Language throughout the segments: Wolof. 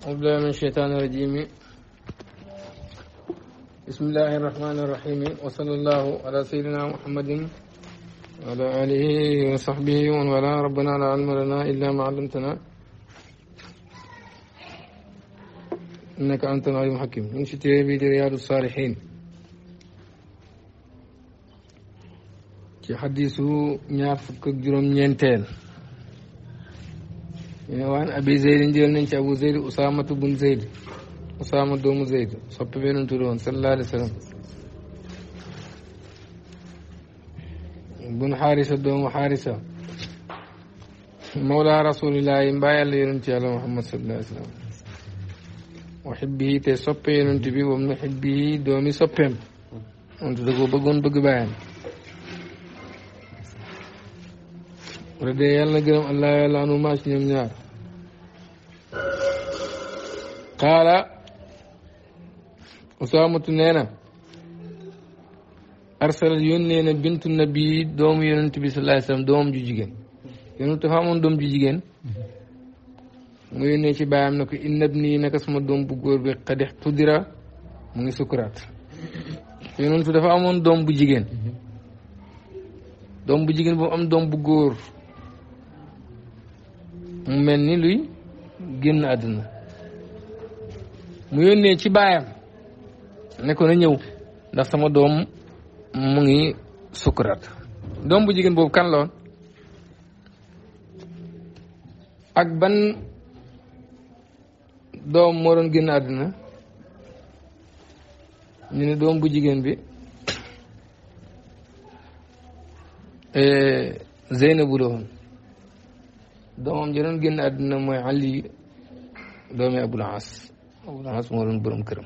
أبلا من الشيطان الرجيم بسم الله الرحمن الرحيم وصلى الله على سيدنا محمد وعلى آله وصحبه ومن والاه ربنا لا علم لنا إلا ما علمتنا إنك أنت العليم الحكيم من شتي بيد رياض الصالحين في حديث نافك جرم ينتين ñu ne waan abi zeydin jël nañ ci abu zeyd usaamatu bun zeyd usaama doomu zeyd soppi benn tudd woon sallallahu alayhi wa sallam bun xaarisa doomu xaarisa mawla rasulillahi mbaa yàlla yonent yàlla muhammad sallallahu alayhi wa sallam wa xibbihi te soppe yonent bi wam na xibbihi doomi soppeem ontu da ko bëggoon bëgg bàyyam radee yàlla na gërëm allah yàlla anu maa ci ñoom ñaar qaala usaamatu nee na arsalat yónnee na bintu nabi doomu yonent bi sallallahu alayhi wasallam jigéen yonent dafa amoon doom ju jigéen mu yónnee ci baayam na ko inna nii naka sama doom bu góor bi qad ihtudira mu ngi sukuraat yonent dafa amoon doom bu jigéen doom bu jigéen boobu am doom bu góor mu mel ni luy génn àdduna mu yónnee ci baayam ne ko na ñëw ndax sama doom mu ngi sukuraat doom bu jigéen boobu kan loon ak ban doom moo doon génn àdduna ñu ne doom bu jigéen bi eh, Zeynabu bu woon doomam ja doon génn àdduna mooy Ali doomi Abul As Abul As moo doon borom këram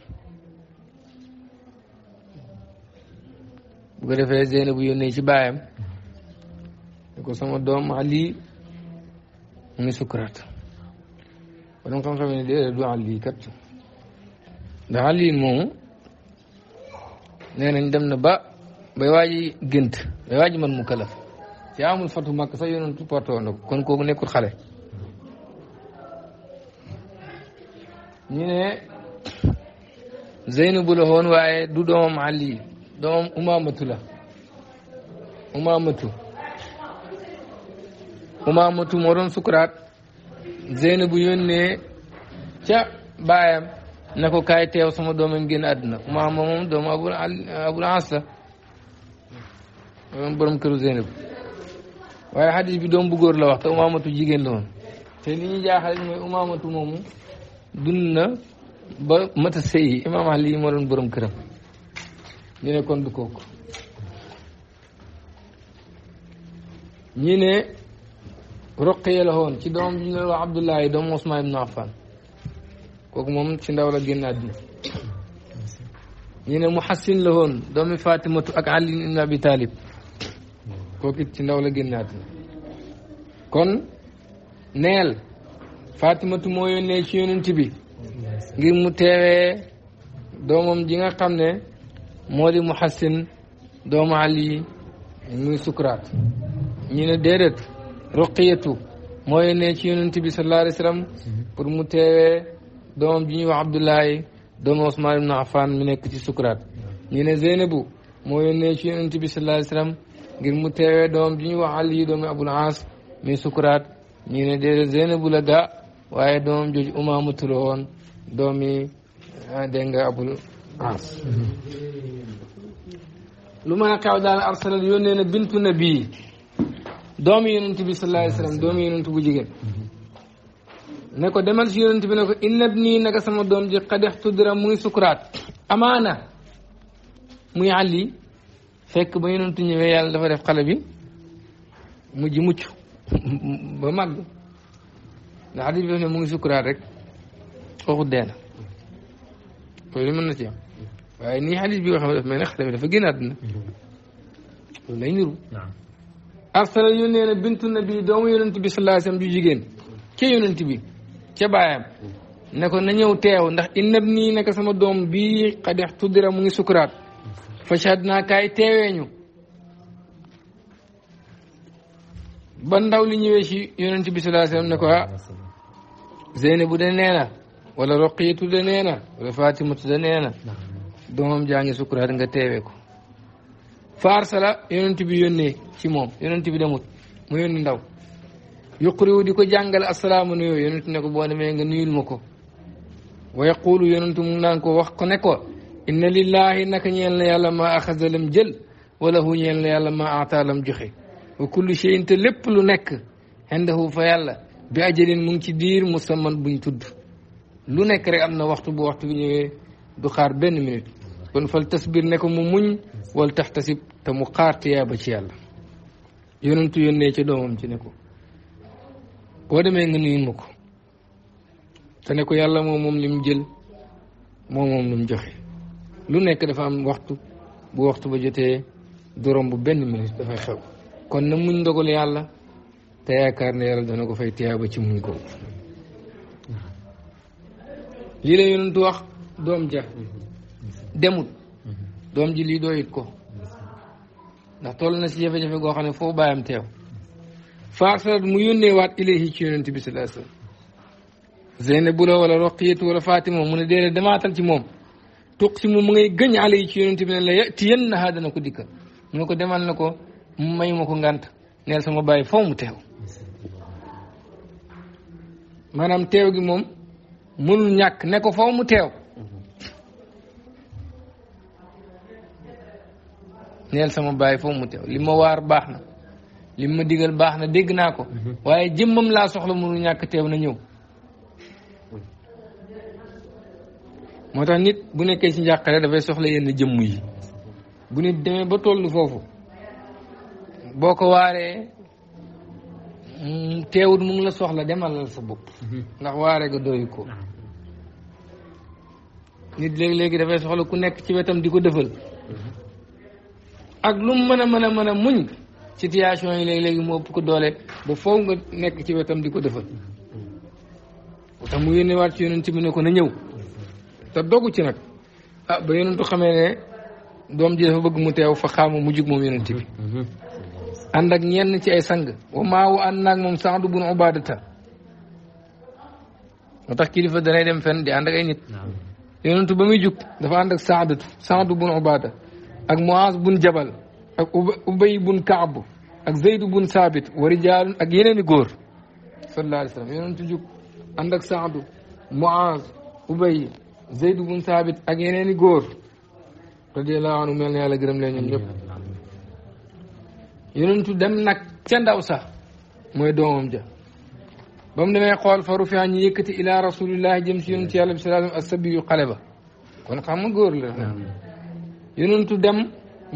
bu ko defee Zeynab bu yónnee ci baayam ne ko sama doom Ali mu ngi sukuraat wala nga xam-xam ne déedéet du Ali kat ndax Ali moomu nee nañ dem na ba bay waaji gént bay waaji man mu kalaf te amul fatu makk sax yonentu porté woon na ko kon kooku nekkul xale ñu ne Zeynabu waaye du doomam Ali doomam Umaamatu la Umaamatu Umaamatu moo doon sukuraat Zeynabu yónnee ca baayam ne ko kaay teew sama doomam génn àdduna Umaama doomu Abul Abul borom këru Zeynabu waaye xadis bi doom bu góor la wax te umaamatu jigéen la woon te li ñu jaaxal mooy umaamatu moomu dund na ba mata sëy imaam Ali moo doon borom këram ñu ne kon du kooku ñi ne roqiya la woon ci doom bi ñu wax Abdullahi doomu Ousmane ibnu Affan kooku moom ci ndaw wala génn àddina ñi ne Muhassin la woon doomi Fatimatu ak Ali ibnu Abi Talib kooku it ci ndaw la génnaat na kon neel Fatimatu moo yónnee ci yonent bi ngir mu teewee doomam ji nga xam ne moo di Muhassin doomu Ali muy sukuraat ñu ne déedéet Ruqiyatu moo yónnee ci yonent bi sallallahu alayhi wa sallam pour mu teewee doomam ji wax Abdullahi doomu Ousmane ibn Affan mi nekk ci sukuraat ñu ne Zeynabu moo ci yonent bi sallallahu ngir mu teewee doom ji ñu wax Ali doomi Abul Aas mi sukuraat ñu ne déedéet Zeynabu la waaye doom jooju Umaamatu la woon doomi ah, dégg nga Abul Aas lu ma xew daal arsala yónnee na bintu nabi doomi yonent bi sallallahu alayhi doomi yonent bu ne ko demal si yonent bi ne ko inna ibni naka sama doom ji xadex tuddira muy sukuraat amaana muy Ali fekk ba yonentu ñëwee yàlla dafa def xale bi mujj mucc ba màgg ndax xadis bi daf ne mu ngi sukkuraat rek waxut dee na loolu mën na ci am waaye nii xadis bi waxee daf mel ne bi dafa génn àdduna loolu lay niru arsala yónnee na bintu nabi doomu yonent bi sallallahu alayhi wasallam ju jigéen ca yonent bi ca baayam ne ko na ñëw teew ndax inab nii na sama doom bii xadex tuddira mu ngi sukkuraat fasadna ka e teweño ban dawli ñiwee si yonente bi sala sallam ne ko ha ah, zeynabu de neena walla roqiyatu de neena walla fatimatu de neena domam jaañi sukkura hat nga teewe ko farsala yonente bi yonne ci moom yonente bi demut mu yonni ndaw yuqriwu di ko jàngal assalaamu nuyo yonente ne ko boo demee nga nuyul ma ko wa yaqulu yonente mu naan ko wax ko ne ko inna lillahi naka ñeel na yàlla ma axasa lam jël wala hu ñeel na yàlla ma aata lam joxe wa kullu shay'in te lépp lu nekk xendahu fa yàlla bi ajalin mu ngi ci diir musamman buñ tudd lu nekk rek am na waxtu bu waxtu bi ñëwee du xaar benn minute kon fal tasbir ne ko mu muñ wal taxtasib te mu xaar tiyaaba ci yàlla yonentu yónnee ci doomam ci ne ko boo demee nga nuyu ko te ne ko yàlla moom moom li mu jël moo moom li mu joxe lu nekk dafa am waxtu bu waxtu ba jotee dorom bu benn minute dafay xew kon na muñ ndogal yàlla te yaakaar ne yàlla dana ko fay tiyaaba ci muñ ko lii la yonentu wax doom ja demut doom ji lii doyit ko ndax toll na si jafe-jafe goo xam ne foo bàyyam teew faarsalat mu yónnee waat ilayhi ci yonent bi sallallahu alayhi wasallam Zeynab bu la wala Roqiyatu wala Fatima mu ne déedéet damaatal ci moom tuqsimu mu ngay gëñ ale yi ci yonent bi la yatiyannahaa dana ko dikkal mu ko demal na ko mayuma ko ngant neel sama bàyyi foo mu teew maanaam teew gi moom mënul ñàkk ne ko faw mu teew neel sama bàyyi foo mu teew li ma waar baax na li ma digal baax na dégg naa ko mhm. waaye jëmmam laa soxla mu ñàkk teew na ñëw moo tax nit bu nekkee ci njàqare dafay soxla yenn jëmm yi bu nit demee ba tollu foofu boo ko waaree mm, teewut mu la soxla demalal sa bopp mhm. ndax waare ga doyu ko ah. nit léegi-léegi dafay soxla ku nekk ci wetam di ko defal mhm. ak lu mu mën a mën a mën a muñ situation yi léegi-léegi mu ëpp ko doole ba foofu nga nekk ci wetam di ko defal mhm. tax mu yónnewaat ci yonent bi ne ko na ñëw te dogu ci nag ah ba yonentu xamee ne doom ji bëgg mu teew fa xaama mu jug moom yonent bi ànd ak ñenn ci ay sang wa maawu ànd naag moom Saadu bun Ubaadata moo tax kilifa danay dem fenn di ànd ak ay nit yonentu ba muy jug dafa ànd ak Saadatu Saadu bun Ubaada ak Muaz bun Jabal ak Ubay bun Kaab ak Zaydu bun Saabit wa rijaalun ak yeneeni góor sallallahu alayhi wa sallam yonentu jug ànd ak Saadu Muaz Ubay Zayd bun Saabit ak yeneen i góor radiyallahu anhu mel na yàlla gërëm leen ñoom ñëpp yonentu dem nag ca ndaw sax mooy doomam ja ba mu demee xool faru fia ñu yëkkati ila rasulillah jëm si yonentu yàlla bi si alayhi wasallam yu xale ba kon xam nga góor la yonentu dem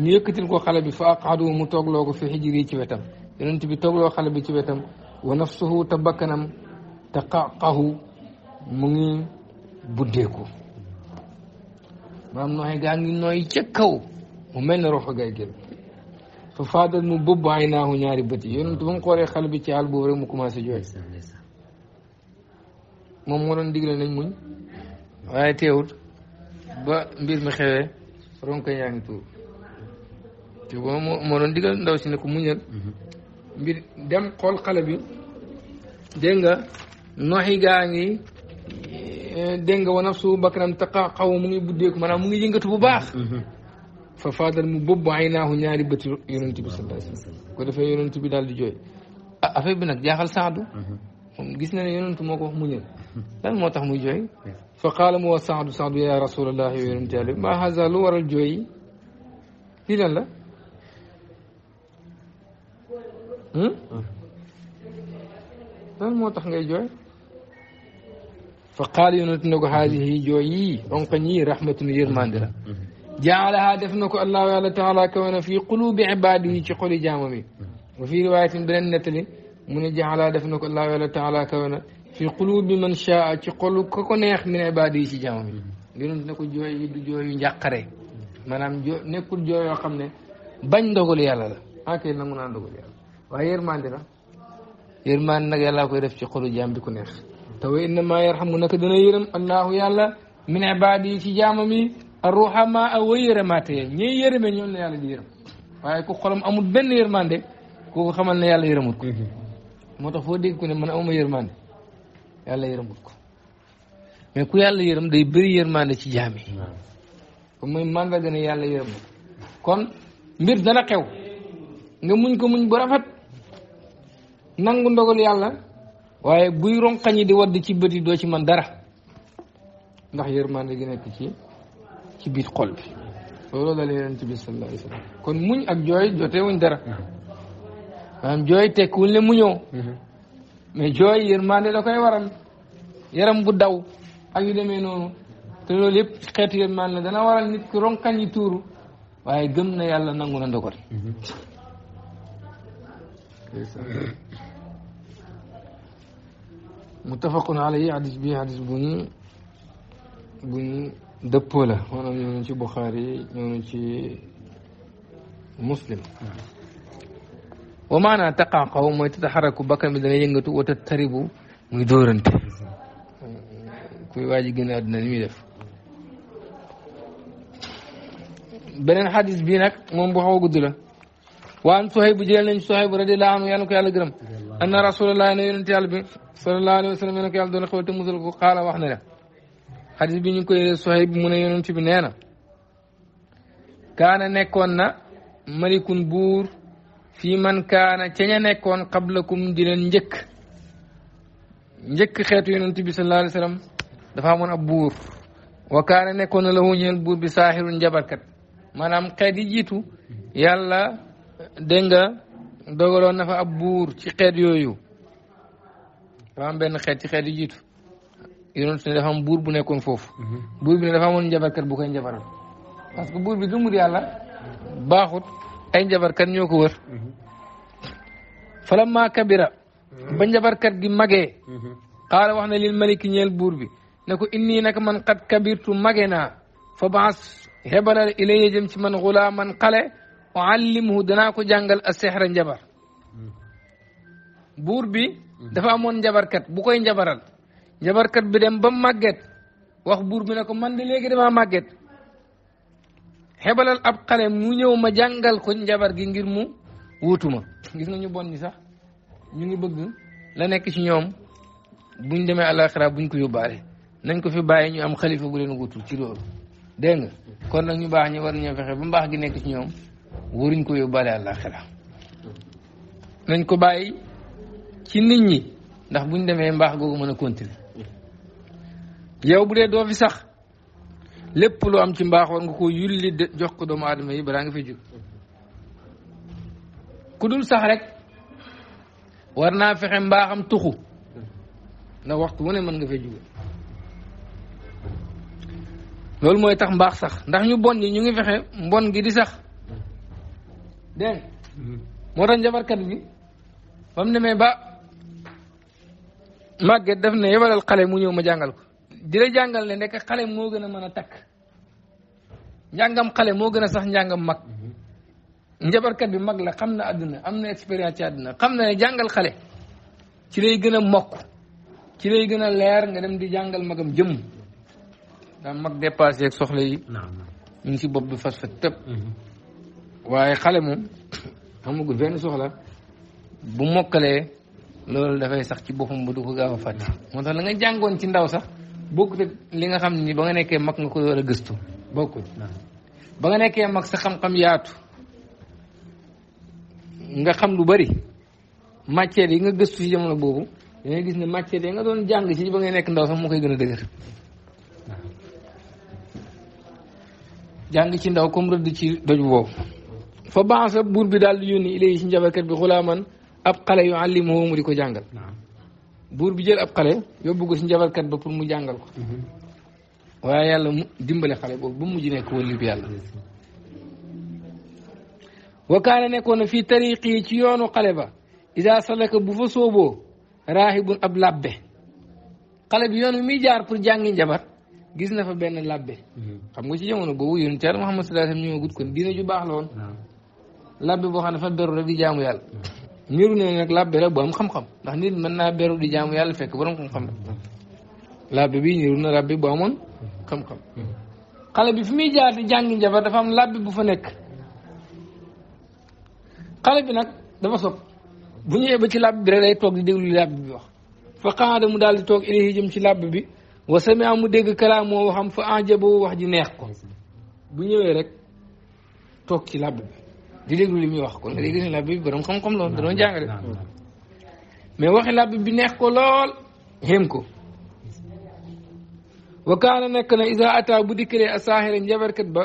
ñu yëkkatil ko xale bi fa aqadu mu toogloo ko fi xijiri ci wetam yonent bi toogloo xale bi ci wetam wa nafsuhu te bakkanam te qaqahu mu ngi buddeeku maam nooy gaa ngi nooy ca kaw mu mel ne rofa gay gël fa faadal mu bëbb ay naaxu ñaari bët yi yonent ba mu xoolee xale bi ci àll boobu rek mu commencé jooy moom moo doon digle mbir mi xewee doon digal ndaw si ne ko muñal mhm. mbir dem xool xale bi dégg noxi gaa ngi Eh, dégg nga wa nafsu bakkanam taqa xaw mu ngi buddeeku maanaam mu ngi yëngatu bu baax. Mm-hmm. fa faatal mu bopp ay naaxu ñaari bët yonent bi mm-hmm. ko defee yonent bi daal di jooy ah affaire bi nag jaaxal saadu. Mm-hmm. gis na ne yonent moo ko wax muñal lan moo tax muy jooy. fa qaala mu wax saadu saadu yaa rasulallah yow yonent yàlla bi maa haza jooy lii lan la. Hmm? lan moo tax ngay jooy. fa qaal yonent ne ko haadihi jooy yii onqañ yii rahmatun yërmande la jaalaha def na ko allahu yàlla taala kawe na fii qulubi ibaadi yi ci xoli jaamam yi wa fii riwaayatin beneen nettali mu ne jaalaha def na ko allahu yàlla taala kawe na fii qulubi man shaa ci xolu ko ko neex min ibaadi yi ci jaamam yi yonent ne ko jooy yi du jooyu njàqare maanaam jo nekkul jooy yoo xam ne bañ ndogalu yàlla la ah kay nangu naa ndogalu yàlla waaye yërmande la yërmande nag yàlla koy def ci xolu jaam bi ku neex te wa innama yarhamu naka dana yërëm allahu yàlla min ibaadi yi ci jaamam yi arruhamaa a way yërëmaate ya ñiy yërëmee ñoom la yàlla di yërëm waaye ku xolam amul benn yërmande kooku xamal ne yàlla yërëmut ko mhm. moo tax foo dégg ku ne man amuma yërmande yàlla yërëmut ko ku yàlla yërëm day bëri yërmande ci jaam yi comme mooy mandarga ne yàlla yërëmut kon mbir dana xew nga muñ ko muñ bu rafet nangu ndogal yàlla waaye buy ronqañi di wadd ci bët yi doo ci man dara ndax yërmande gi nekk ci ci biir xol bi loolu dal bi kon muñ ak jooy jotee wuñ dara mhm. maanaam jooy tekkiwul ne muñoo mhm. mais jooy yërmande da koy waral yaram bu daw ak yu demee noonu te loolu yëpp xeet xeetu man la dana waral nit ki ronkañ yi tuuru waaye gëm na yàlla nangu na ndogal mhm. muttafaqun alayhi hadis bi hadis bu ñu bu ñu dëppoo la maanaam ñëw nañ ci Buxaari ñëw nañ ci muslim wa maanaa taqaaqaw mooy tataxaraku bakkan bi dana yëngatu wa tattaribu muy dóorante kuy waa ji gën a àddina ni muy def beneen xadis bi nag moom bu xaw a gudd la waan Suhayb bu jëlee nañ Suhayb bu radiyallaahu anhu yàlla ko yàlla gërëm anna rasulallah ne yonent yàlla bi sallallahu alayhi wa sallam ne ko yàlla doon xew te musal ko xaala wax ne la xadis bi ñu ngi koy Suhayb mu ne yonent bi nee na kaana nekkoon na malikun buur fi man kaana ca ña nekkoon qablakum di leen njëkk njëkk xeetu yonent bi sallallahu alayhi wa sallam dafa amoon buur wa kaana nekkoon na la hu ñeel buur bi saaxirun njabarkat maanaam xeet yi jiitu yàlla dégg nga dogaloon na fa ab buur ci xeet yooyu dafa am benn xeet ci xeet yi jiitu yonent ne dafa am buur bu nekkoon foofu mhm. buur bi ne dafa amoon njabarkat bu koy njabaral parce que buur bi gëmul yàlla baaxut ay njabarkat ñoo ko wër mhm. fala maa kabira ba njabarkat gi magee xaala mhm. wax na lil maliki ñeel buur bi ne ko innii nag man xat kabirtu mage naa fa baas hebalal ilaya jëm ci man xulaa man xale o allimhu danaa ko jàngal a sexra njabar buur bi Mm-hmm. dafa amoon njabarkat bu koy njabaral njabarkat bi dem ba màgget wax buur bi ne ko man de léegi damaa màgget xebalal ab xale mu ñëw ma jàngal ko njabar gi ngir mu wóotuma gis nga ñu bon ñi sax ñu ngi bëgg la nekk ci ñoom buñ demee àllaaxira buñ ko yóbbaale nañ ko fi bàyyi ñu am xalifa bu leen wutul ci loolu kon nag ñu baax ñi war nañoo fexe mbaax gi nekk ci ñoom waruñ ko yóbbaale àllaaxira nañ ko bàyyi ci nit ñi ndax buñ demee mbaax googu mën a continuer yow bu dee doo fi sax lépp lu am ci mbaax war nga ko yulli jox ko doomu aadama yi balaa nga fi jóg ku dul sax rek war naa fexe mbaaxam tuxu ndax waxtu wu ne mën nga fee jóge loolu mooy tax mbaax sax ndax ñu bon ñi ñu ngi fexe mbon gi di sax mm-hmm. moo tax njabarkat bi ba mu ba màgget daf na yebalal xale mu ñëw ma jàngal ko di la jàngal ne nekk xale moo gën a mën a takk njàngam xale moo gën a sax njàngam mag njabarkat bi mag la xam na àdduna am na expérience ci àdduna xam na ne jàngal xale ci lay gën a mokk ci lay gën a leer nga dem di jàngal magam jëm daa mag dépassé ak soxla yi ñu ngi si bopp bi fas fa tëb mhm. waaye xale moom amagul benn soxla bu mokkalee loolu dafay sax ci boppam bu du ko gaaw a fàtte moo tax la nga jàngoon ci ndaw sax bokkut li nga xam ni ba nga nekkee mag nga ko war a gëstu bokkut ba nga nekkee mag sa xam-xam yaatu nga xam lu bari matière yi nga gëstu ci jamono boobu da gis ne matière yi nga doon jàng ci ba ngay nekk ndaw sax moo koy gën a dëgër jàng ci ndaw comme rëdd ci doj boobu fa bansa buur bi daal di yónni ilay ci njabarkat bi xulaaman ab xale yu àllimoo mu di ko jàngal buur bi jël ab kale yóbbu ko si njabarkat ba pour mu jàngal ko mhm. waaye yàlla mu dimbale xale boobu ba mu mujj nekk wëllu bi yàlla wakaana nekkoon na fii tariqi ci yoonu xale ba ida salaka bu fa sooboo raahibun ab labbe xale bi yoon bi muy jaar pour jàngi njabar gis na fa benn labbe mhm. xam nga ci jamono boobu yonent Yàlla Muhammad sallallahu alayhi wa sallam ñëwagut kon diine ju baax la labbe boo xam ne fa beru rek jaamu yàlla mhm. niru ne nag labbe la bu am xam-xam ndax nit mën naa beru di jaamu yàlla fekk borom xam-xam la bi niru na labbe bu amoon xale bi fi muy jaar di jàngi njabar dafa am labbe bu fa nekk xale bi nag dafa sob bu ñëwee ba ci labbe bi rek day toog di déglu labbe bi wax fa qaada mu daal di toog ilayhi jëm ci labbe bi wa samia mu dégg kalaamoo waxam fa ajaboo wax ji neex ko bu ñëwee rek toog ci labbe di déglu li muy wax kon nga dégg ne làbbe bi borom xam-xam lool da doon jàngale mais waxi làbbe bi neex ko lool xéem ko wa kaana nekk na isa ata bu dikkalee a saaxira njabarkat ba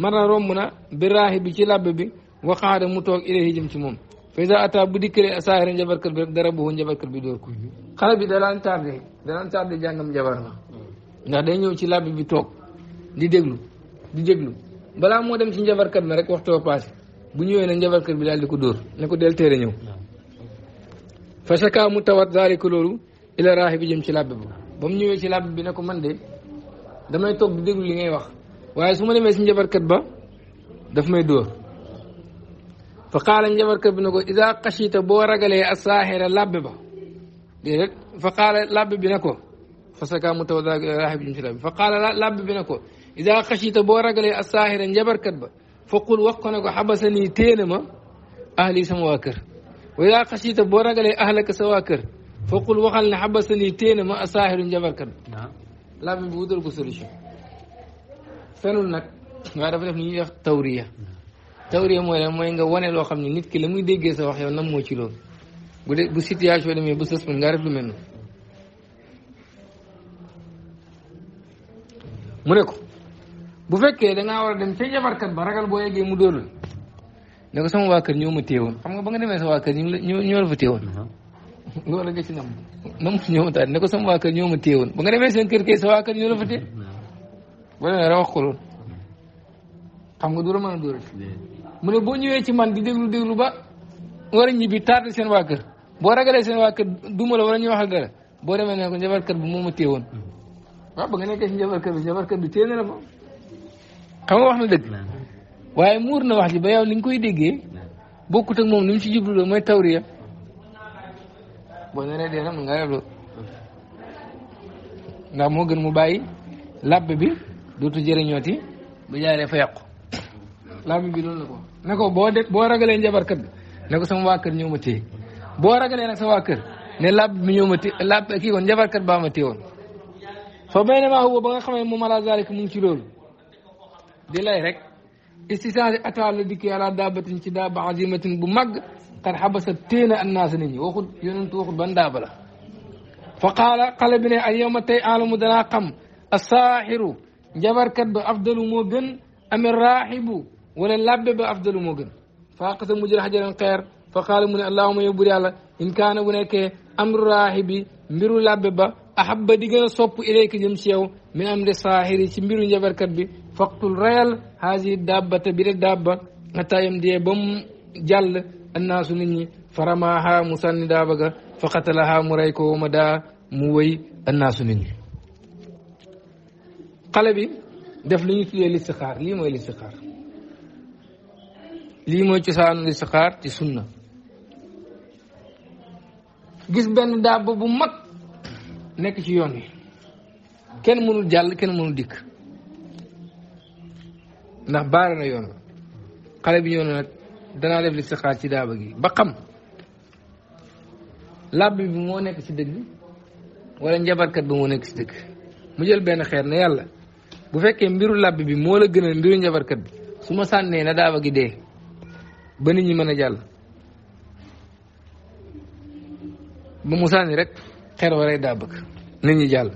mar na romb na bi raaxi bi ci làbbe bi waxaada mu toog ilayhi jëm ci moom ata bu dikkalee a saaxira njabarkat bi rek dara boobu njabarkat bi door ko xale bi dalaan tardé dalaan tardé jàngam njabar ma ndax day ñëw ci làbbe bi toog di déglu di déglu balaa moo dem ci njabarkat na rek waxtu wa passé bu ñëwee nag njabarkat bi daal di ko dóor ne ko del téere ñëw fa shaka mu tawat zaalika loolu ila raaxi bi jëm ci làbbe ba ba mu ñëwee ci làbbe bi na ko man de damay toog di déglu li ngay wax waaye su ma demee si njabarkat ba daf may dóor fa qaala njabarkat bi ne ko ida xashita boo ragalee a saaxira làbbe ba déedéet fa qaala làbbe bi ne ko fa shaka mu tawat zaalika ila raaxi bi ci làbbe fa qaala làbbe bi ne ko ida xashiita boo ragalee assaahira njabarkat ba faqul wax ko ne ko xabasa nii téene ma ahli sama waa kër wa ida xashiita boo ragalee ahlaka sa waa kër faqul waxal ne xabasa nii téene ma assaahiru njabarkat ba laamin bi wutal ko solution fenul nag waaye dafa def ni ñuy wax tawriya tawriya mooy lan mooy nga wane loo xam ne nit ki la muy déggee sa wax yow nam moo ci loolu bu dee bu situation demee bu sës mën ngaa def lu mel noonu mu ne ko bu fekkee da war a dem ca jabarkat ba ragal boo yeggee mu dóor la ne ko sama waa kër ñoo ma téewoon xam nga ba nga demee sa waa kër ñu la ñoo la fa téewoon. Mhm. loolu nga ci nam nam ñoo ma taal ne ko sama waa kër ñoo ma téewoon ba nga demee seen kër kay sa waa kër ñoo mhm. ba ra wax ko nga du la mu ne boo ñëwee ci man di déglu déglu ba war a ñibbi tardé seen waa kër boo ragalee seen waa kër duma la wala ñu wax ak boo demee ne ko njabarkat bi moo ma téewoon mhm. waaw ba nga nekkee si njabarkat bi njabarkat bi téye na la fa xam nga wax na dëgg waaye muur na wax ji ba yow ni nga koy déggee bokkut ak moom ni mu ci jublu mooy tawriya boo nee na mën ngaa ndax moo gën mu bàyyi làbb bi dootu jëriñooti bu jaaree fa yàqu làbb bi loolu la ko boo de boo ragalee njabarkat bi ne ko kër ñëw ma téye boo ragalee nag sama kër ne làbb bi ñëw ma téye làbb kii woon njabarkat baa ma téye woon ba nga xamee moom ala zalika mu ci loolu di lay rek istisage ataa la dikkee àla daabatin ci daaba azimatin bu màgg xar xabasa téena annaasa nit ñi waxut yonentu waxut ban daaba la fa qaala xale bi ne al yowma tey alamu danaa xam asaaxiru njabarkat ba afdalu moo gën amir raaxibu wala labbe ba afdalu moo gën faaqasa mu jël xajaran xeer fa qaala mu ne allahuma yow bur yàlla in kaana bu nekkee amru raaxibi mbiru labbe ba ahabba di gën a sopp ilayka jëm ci yow min amri saaxiri ci mbiru njabarkat bi faqtul rayal haasi dabbata bi de dabba hatta yam diyee ba mu jàll annaasu nit ñi faramaaha mu sànni daaba ga fa qatalaha mu rey ko ma daa mu wëy annaasu nit ñi xale bi def li ñu tuddee listixaar lii mooy listixaar lii mooy cosaanu listixaar ci sunna gis benn daaba bu mag nekk ci yoon wi kenn mënul jàll kenn mënul dikk ndax baare na yoon xale bi ñëw na nag danaa def listixaar ci daaba gi ba xam làbbi bi moo nekk ci dëgg walla njabarkat bi moo nekk ci dëgg mu jël benn xeer na yàlla bu fekkee mbiru làbbi bi moo la gënal mbiru njabarkat bi su ma sànnee na daaba gi dee ba nit ñi mën a jàll ba mu sànni rek xeer waray daa bëgg nit ñi jàll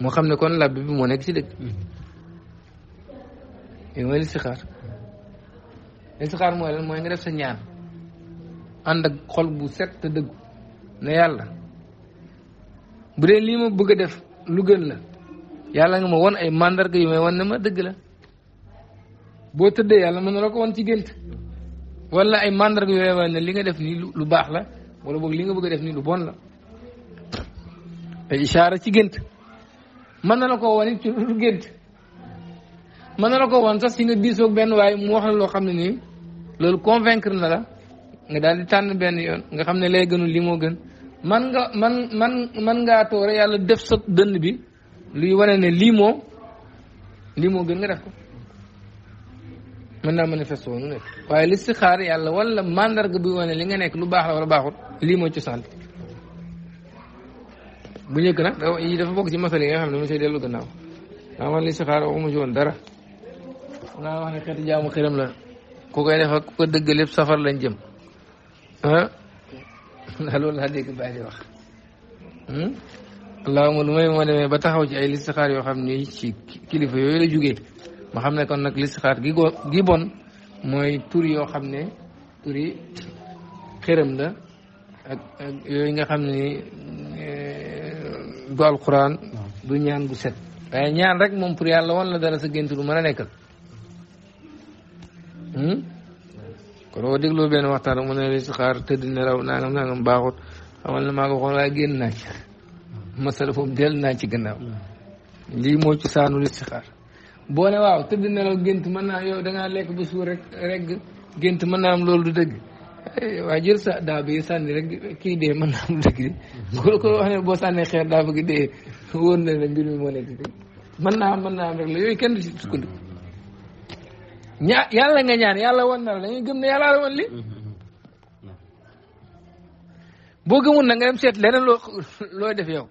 moo xam ne kon làbbi bi moo nekk ci dëgg yooyu mooy listixaar listixaar mooy lan mooy nga def sa ñaan ànd ak xol bu set te dëggu ne yàlla bu dee lii ma bëgg a def lu gën la yàlla nga ma won ay mandarga yu may wan ne ma dëgg la boo tëddee yàlla mën na la ko won ci gént wala ay màndarga yu lay wan ne li nga def nii lu baax la wala boog li nga bëgg a def nii lu bon la ay ishaara ci gént mën na la ko won it ci gént mën na la ko woon sax si nga diisoog benn waaye mu wax la loo xam ne nii loolu convaincre na la nga daal di tànn benn yoon nga xam ne lay gënul li moo gën man nga man man man ngaa toore yàlla def sot dënn bi luy wane ne lii moo lii moo gën nga def ko mën naa manifesté woonu nekk waaye li si xaar yàlla wala màndarga buy wane li nga nekk lu baax la wala baaxut lii mooy cosaan bu njëkk nag yi dafa bokk ci masal yi nga xam ne monsieur dellu gannaaw daa man li si xaar dara naa wax ne xeeti jaamu xërëm la ku koy def ak ko dëgg lépp safar lañ jëm ah ndax loolu laa dégg bàyyi di wax hmm? allahuma lu may moo demee ba taxaw ci ay listixaar yoo xam ni ci kilifa yooyu la jugee ma xam ne kon nag listixaar gi go gi bon mooy tur yoo xam ne turi xërëm la ak yooyu nga xam ni eh, du alquran du ñaan gu set waaye ñaan rek moom pour yàlla wan la dara sa gént lu mën a nekkal Hmm? kon boo dégloo benn waxtaan mu ne listixaar tëdd nelaw nangam nangam baaxut xamal na maa ko xool waaye génn naa ci masala foofu dellu naa ci gannaaw lii moo ci saanu listixaar boo ne waaw tëdd nelaw gént mën naa yow da gént mën naa am loolu du dëgg eh, waaye sa daa bi sànni rek kii dee mën naa am dëgg di ko ko wax ne boo sànnee xeer daa bëgg dee wóor na ne mi moo nekk mën naa am mën naa am rek la yooyu kenn du ci sukkandiku ñaa yàlla nga ñaan yàlla wan na la dañuy gëm ne yàlla la wan li boo gëmul na nga dem seet leneen loo looy def yow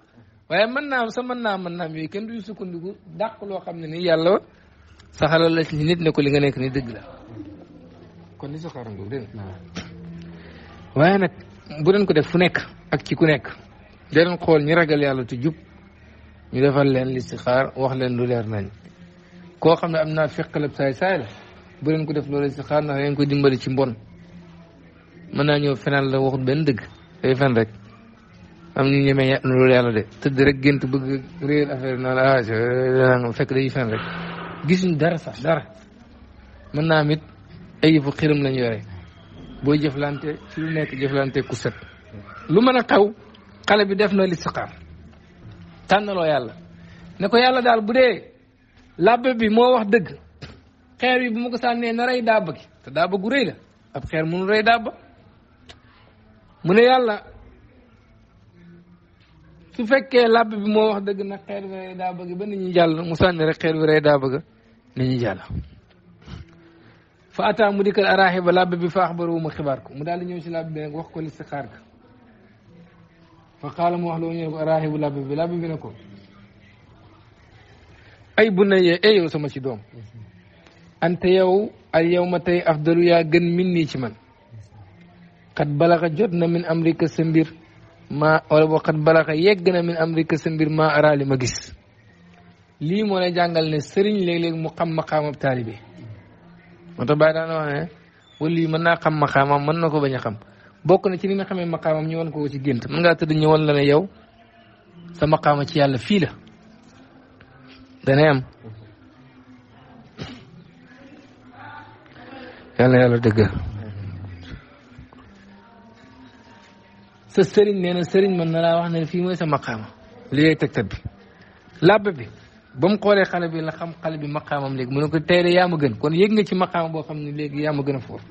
waaye man naa sa mën naa mën naa am yooyu kenn duñu sukkandiku dàq loo xam ne nii yàlla saxalal la ci nit ne ko li nga nekk ni dëgg la kon ni soxarango waaye nag bu doon ko def fu nekk ak ci ku nekk danañ xool ñi ragal yàlla te jub ñu defal leen li listixaar wax leen lu leer nañ koo xam ne am naa feqalab saay saay la bu leen ko def loolu istixaar ndax leen koy dimbali ci mbon mën naa ñëw fenal la waxut benn dëgg day fen rek am ñu ñemee yàlla de tëdd rek gént bëgg réer affaire na la ah fekk day fen rek gisuñ dara sax dara mën naa am it ay yëfu xiram lañ yore booy jëflante ci lu nekk jëflante ku set lu mën a xew xale bi def na listixaar tànnaloo yàlla ne ko yàlla daal bu dee labbe bi moo wax dëgg xeer bi bu ma ko sànnee na rey daaba gi te daaba gu rëy la ab xeer mënu rey daaba mu ne yàlla su fekkee làbb bi moo wax dëgg na xeer bi rey daaba gi ba nit ñi jàll mu sànni rek xeer bi rey daaba ga nit ñi jàll fa ataa mu dikkal araaxi ba làbb bi fa axbaru ma xibaar ko mu daal di ñëw si làbb bi nag wax ko listixaar ga fa xaala mu wax loo ñëw ko araaxibu làbb làbb bi ne ko ay bu na yee yow sama ci doom ante yow al yaw ma tey afdalu yaa gën min nii ci man xat balaxa jot na min amrika sa mbir ma wala boo xat balaxa yegg na min amrika sa mbir maa araali ma gis lii moo lay jàngal ne sëriñ léeg-léeg mu xam maqaamab taalibe moo tax bàyyi daana wax ne wala lii mën naa xam maqaamam mën na ko bañ a xam bokk na ci li nga xamee maqaamam ñu wan ko ci gént mën ngaa tëdd ñu wan la ne yow sa maqaama ci yàlla fii la dana am yàlla yàlla sa sëriñ nee sëriñ man na laa wax ne fii mooy sa maqaama li yee tegtal bi làbbe bi ba mu xoolee xale bi la xam xale bi maqaamam léegi mu ne ko tey de yaa ma gën kon yéeg nga ci maqaama boo xam ne léegi yaa ma gën a foor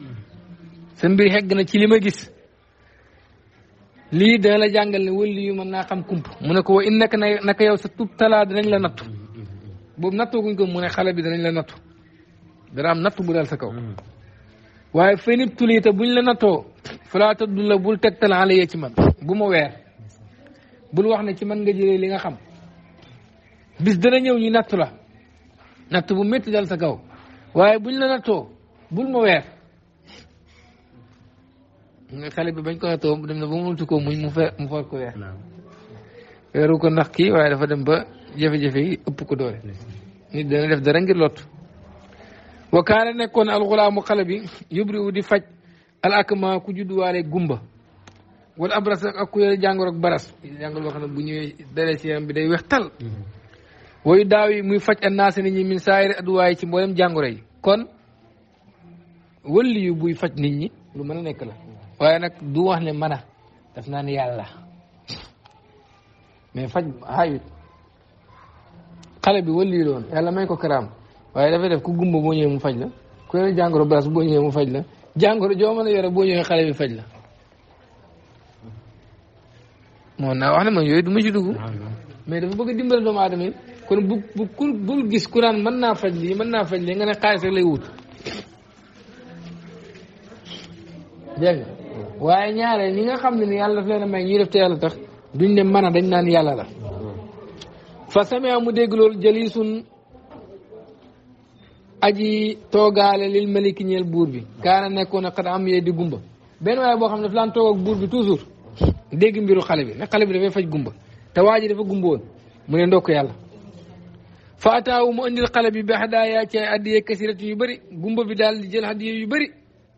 sa mbir xegg na ci li ma gis lii dana la jàngal ne wëlli yu mën naa xam kump mu ne ko wa in naka na naka yow sa tub talaa danañ la nattu boobu nattooguñ ko mu ne xale bi danañ la nattu dana am nattu bu dal sa kaw waaye fay nit tulita buñ la nattoo falaa taddulla bul tegtal alayya ci man bu ma weer bul wax na ci man nga jëlee li nga xam bis dana ñëw ñu natt la natt bu metti dal sa kaw waaye buñ la nattoo bul ma weer nga xale bi bañ ko nattoo dem na ba mënatu ko muñ mu fe mu for ko weer weeru ko ndax kii waaye dafa dem ba jafe-jafe yi ëpp ko doole nit dana def dara ngir lott wa kaana nekkoon alxulaamu xale bi yubri u di faj al akma ku judduwaale gumba wala abras ak ku jàngoro ak baras jàngoro boo bu ñëwee dalee si yaram bi day weex tal wayu daaw muy faj an naas nit ñi min saayir aduwaay ci mboolem jàngoro yi kon wëlli buy faj nit ñi lu mën a nekk la waaye nag du wax ne mën a daf naa ne yàlla mais faj ayut xale bi wëlli yu doon yàlla may ko karaam waaye dafay def ku gumba boo ñëwee mu faj la ku yore jàngoro bras boo ñëwee mu faj la jàngoro joo mën a yore boo ñëwee xale bi faj la moom naa wax ne man yooyu du ma ci dugg ah, mais dafa bëgg dimbale doomu aadama kon bu bu ku bul gis ku naan mën naa faj lii mën naa faj lii nga ne xaalis rek lay wut dégg nga xam ne ni yàlla daf leen a may def te yàlla tax duñ ne mën a dañ naan yàlla la ah. fa samea mu dégg loolu jëli sun aji toogaale lil maliki ñeel buur bi kaana nekkoon na xat yee di gumba benn waaye boo xam ne daf laan toog ak buur bi toujours dégg mbiru xale bi ne xale bi dafay faj gumba te waa ji dafa gumba woon mu ne xale bi ba xadaaya ci yu bëri gumba bi daal di jël addiye yu bëri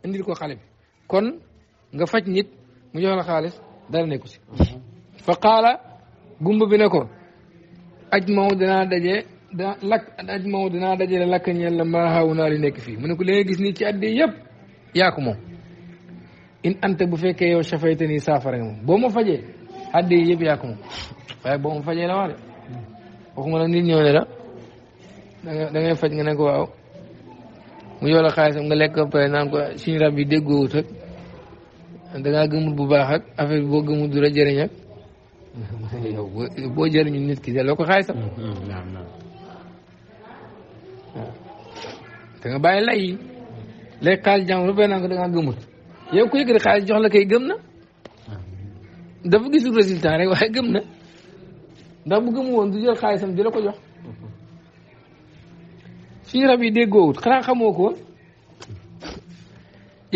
indil ko xale bi kon nga faj nit mu jox la xaalis dara nekku si mhm. fa qaala gumba bi ne ko aj maw danaa daje da lakk aj moom dajale lakk ñeel la maa naa li nekk fii mu ne ko li nga gis nii ci addi yëpp yaa ko moom in anta bu fekkee yow safayte nii saafara nga moom boo ma fajee addi yi yëpp yaa ko moom waaye boo ma fajee la wax de waxuma faj nga ne ko waaw mu yool a xaalisam nga lekk ba pare naan ko suñu rab yi déggoowut ak da gëmul bu baax ak affaire bi boo gëmul du la jëriñ ak yow boo jëriñu nit ki delloo ko xaalisam mm-hmm. da nga bàyyi lay yi léegi xaalis jàmm lu bay ko da ngaa ku yëkkati xaalis jox la kay gëm na dafa gisul résultat rek waaye gëm na ndax bu gëmu woon du jël xaalisam di la ko jox fii rab yi wut xanaa xamoo ko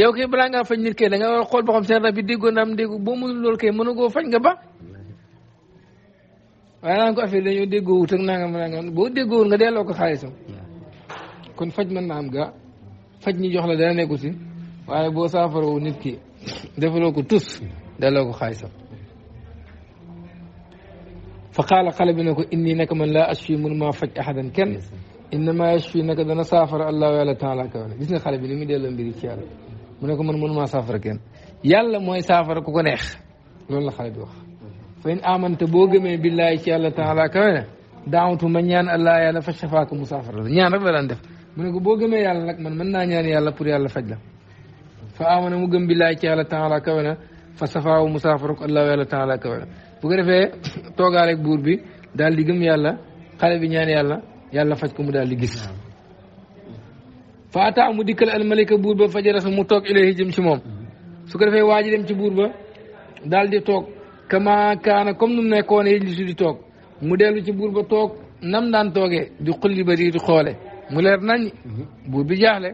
yow kay balaa ngaa fañ nit kay da nga war a xool ba xam seen rab yi déggoo ndax am déggu boo mënul loolu fañ nga ba waaye naa ko affaire dañoo déggoowut ak nangam nangam nga delloo ko xaalisam كون فاج من نام غا فاج ني جوخ لا دا نيكو سي واي بو سافر و نيت كي ديفلوكو توس دالوكو خايسا فقال قلب نكو اني نك من لا اشفي من ما فاج احدا كن انما يشفي نك دنا سافر الله ولا تعالى كون غيس ني خالبي لي مي ديلو مبيري سي يالا منكو من من ما سافر كن يالا موي سافر كو كو نيه لول لا خالبي واخ فين امنت بو گمي بالله الله تعالى كون داوتو ما نيان الله يالا فشفاك مسافر نيان رك لا mu ne ko boo gëmee yàlla nag man mën naa ñaan yàlla pour yàlla faj la fa amana mu gëm billaay ci yàlla taala kawe na fa safaawu musaafaruk allahu yàlla taala kawe na bu ko defee toogaaleeg buur bi daal di gëm yàlla xale bi ñaan yàlla yàlla faj ko mu daal di gis fa ataa mu dikkal almalika buur ba fajara sa mu toog ilayhi jëm ci moom su ko defee waa ji dem ci buur ba daal di toog kama kaana comme nu mu nekkoon di toog mu dellu ci buur ba toog nam daan toogee di xulli ba di xoole mu leer nañ mhm. buur bi jaaxle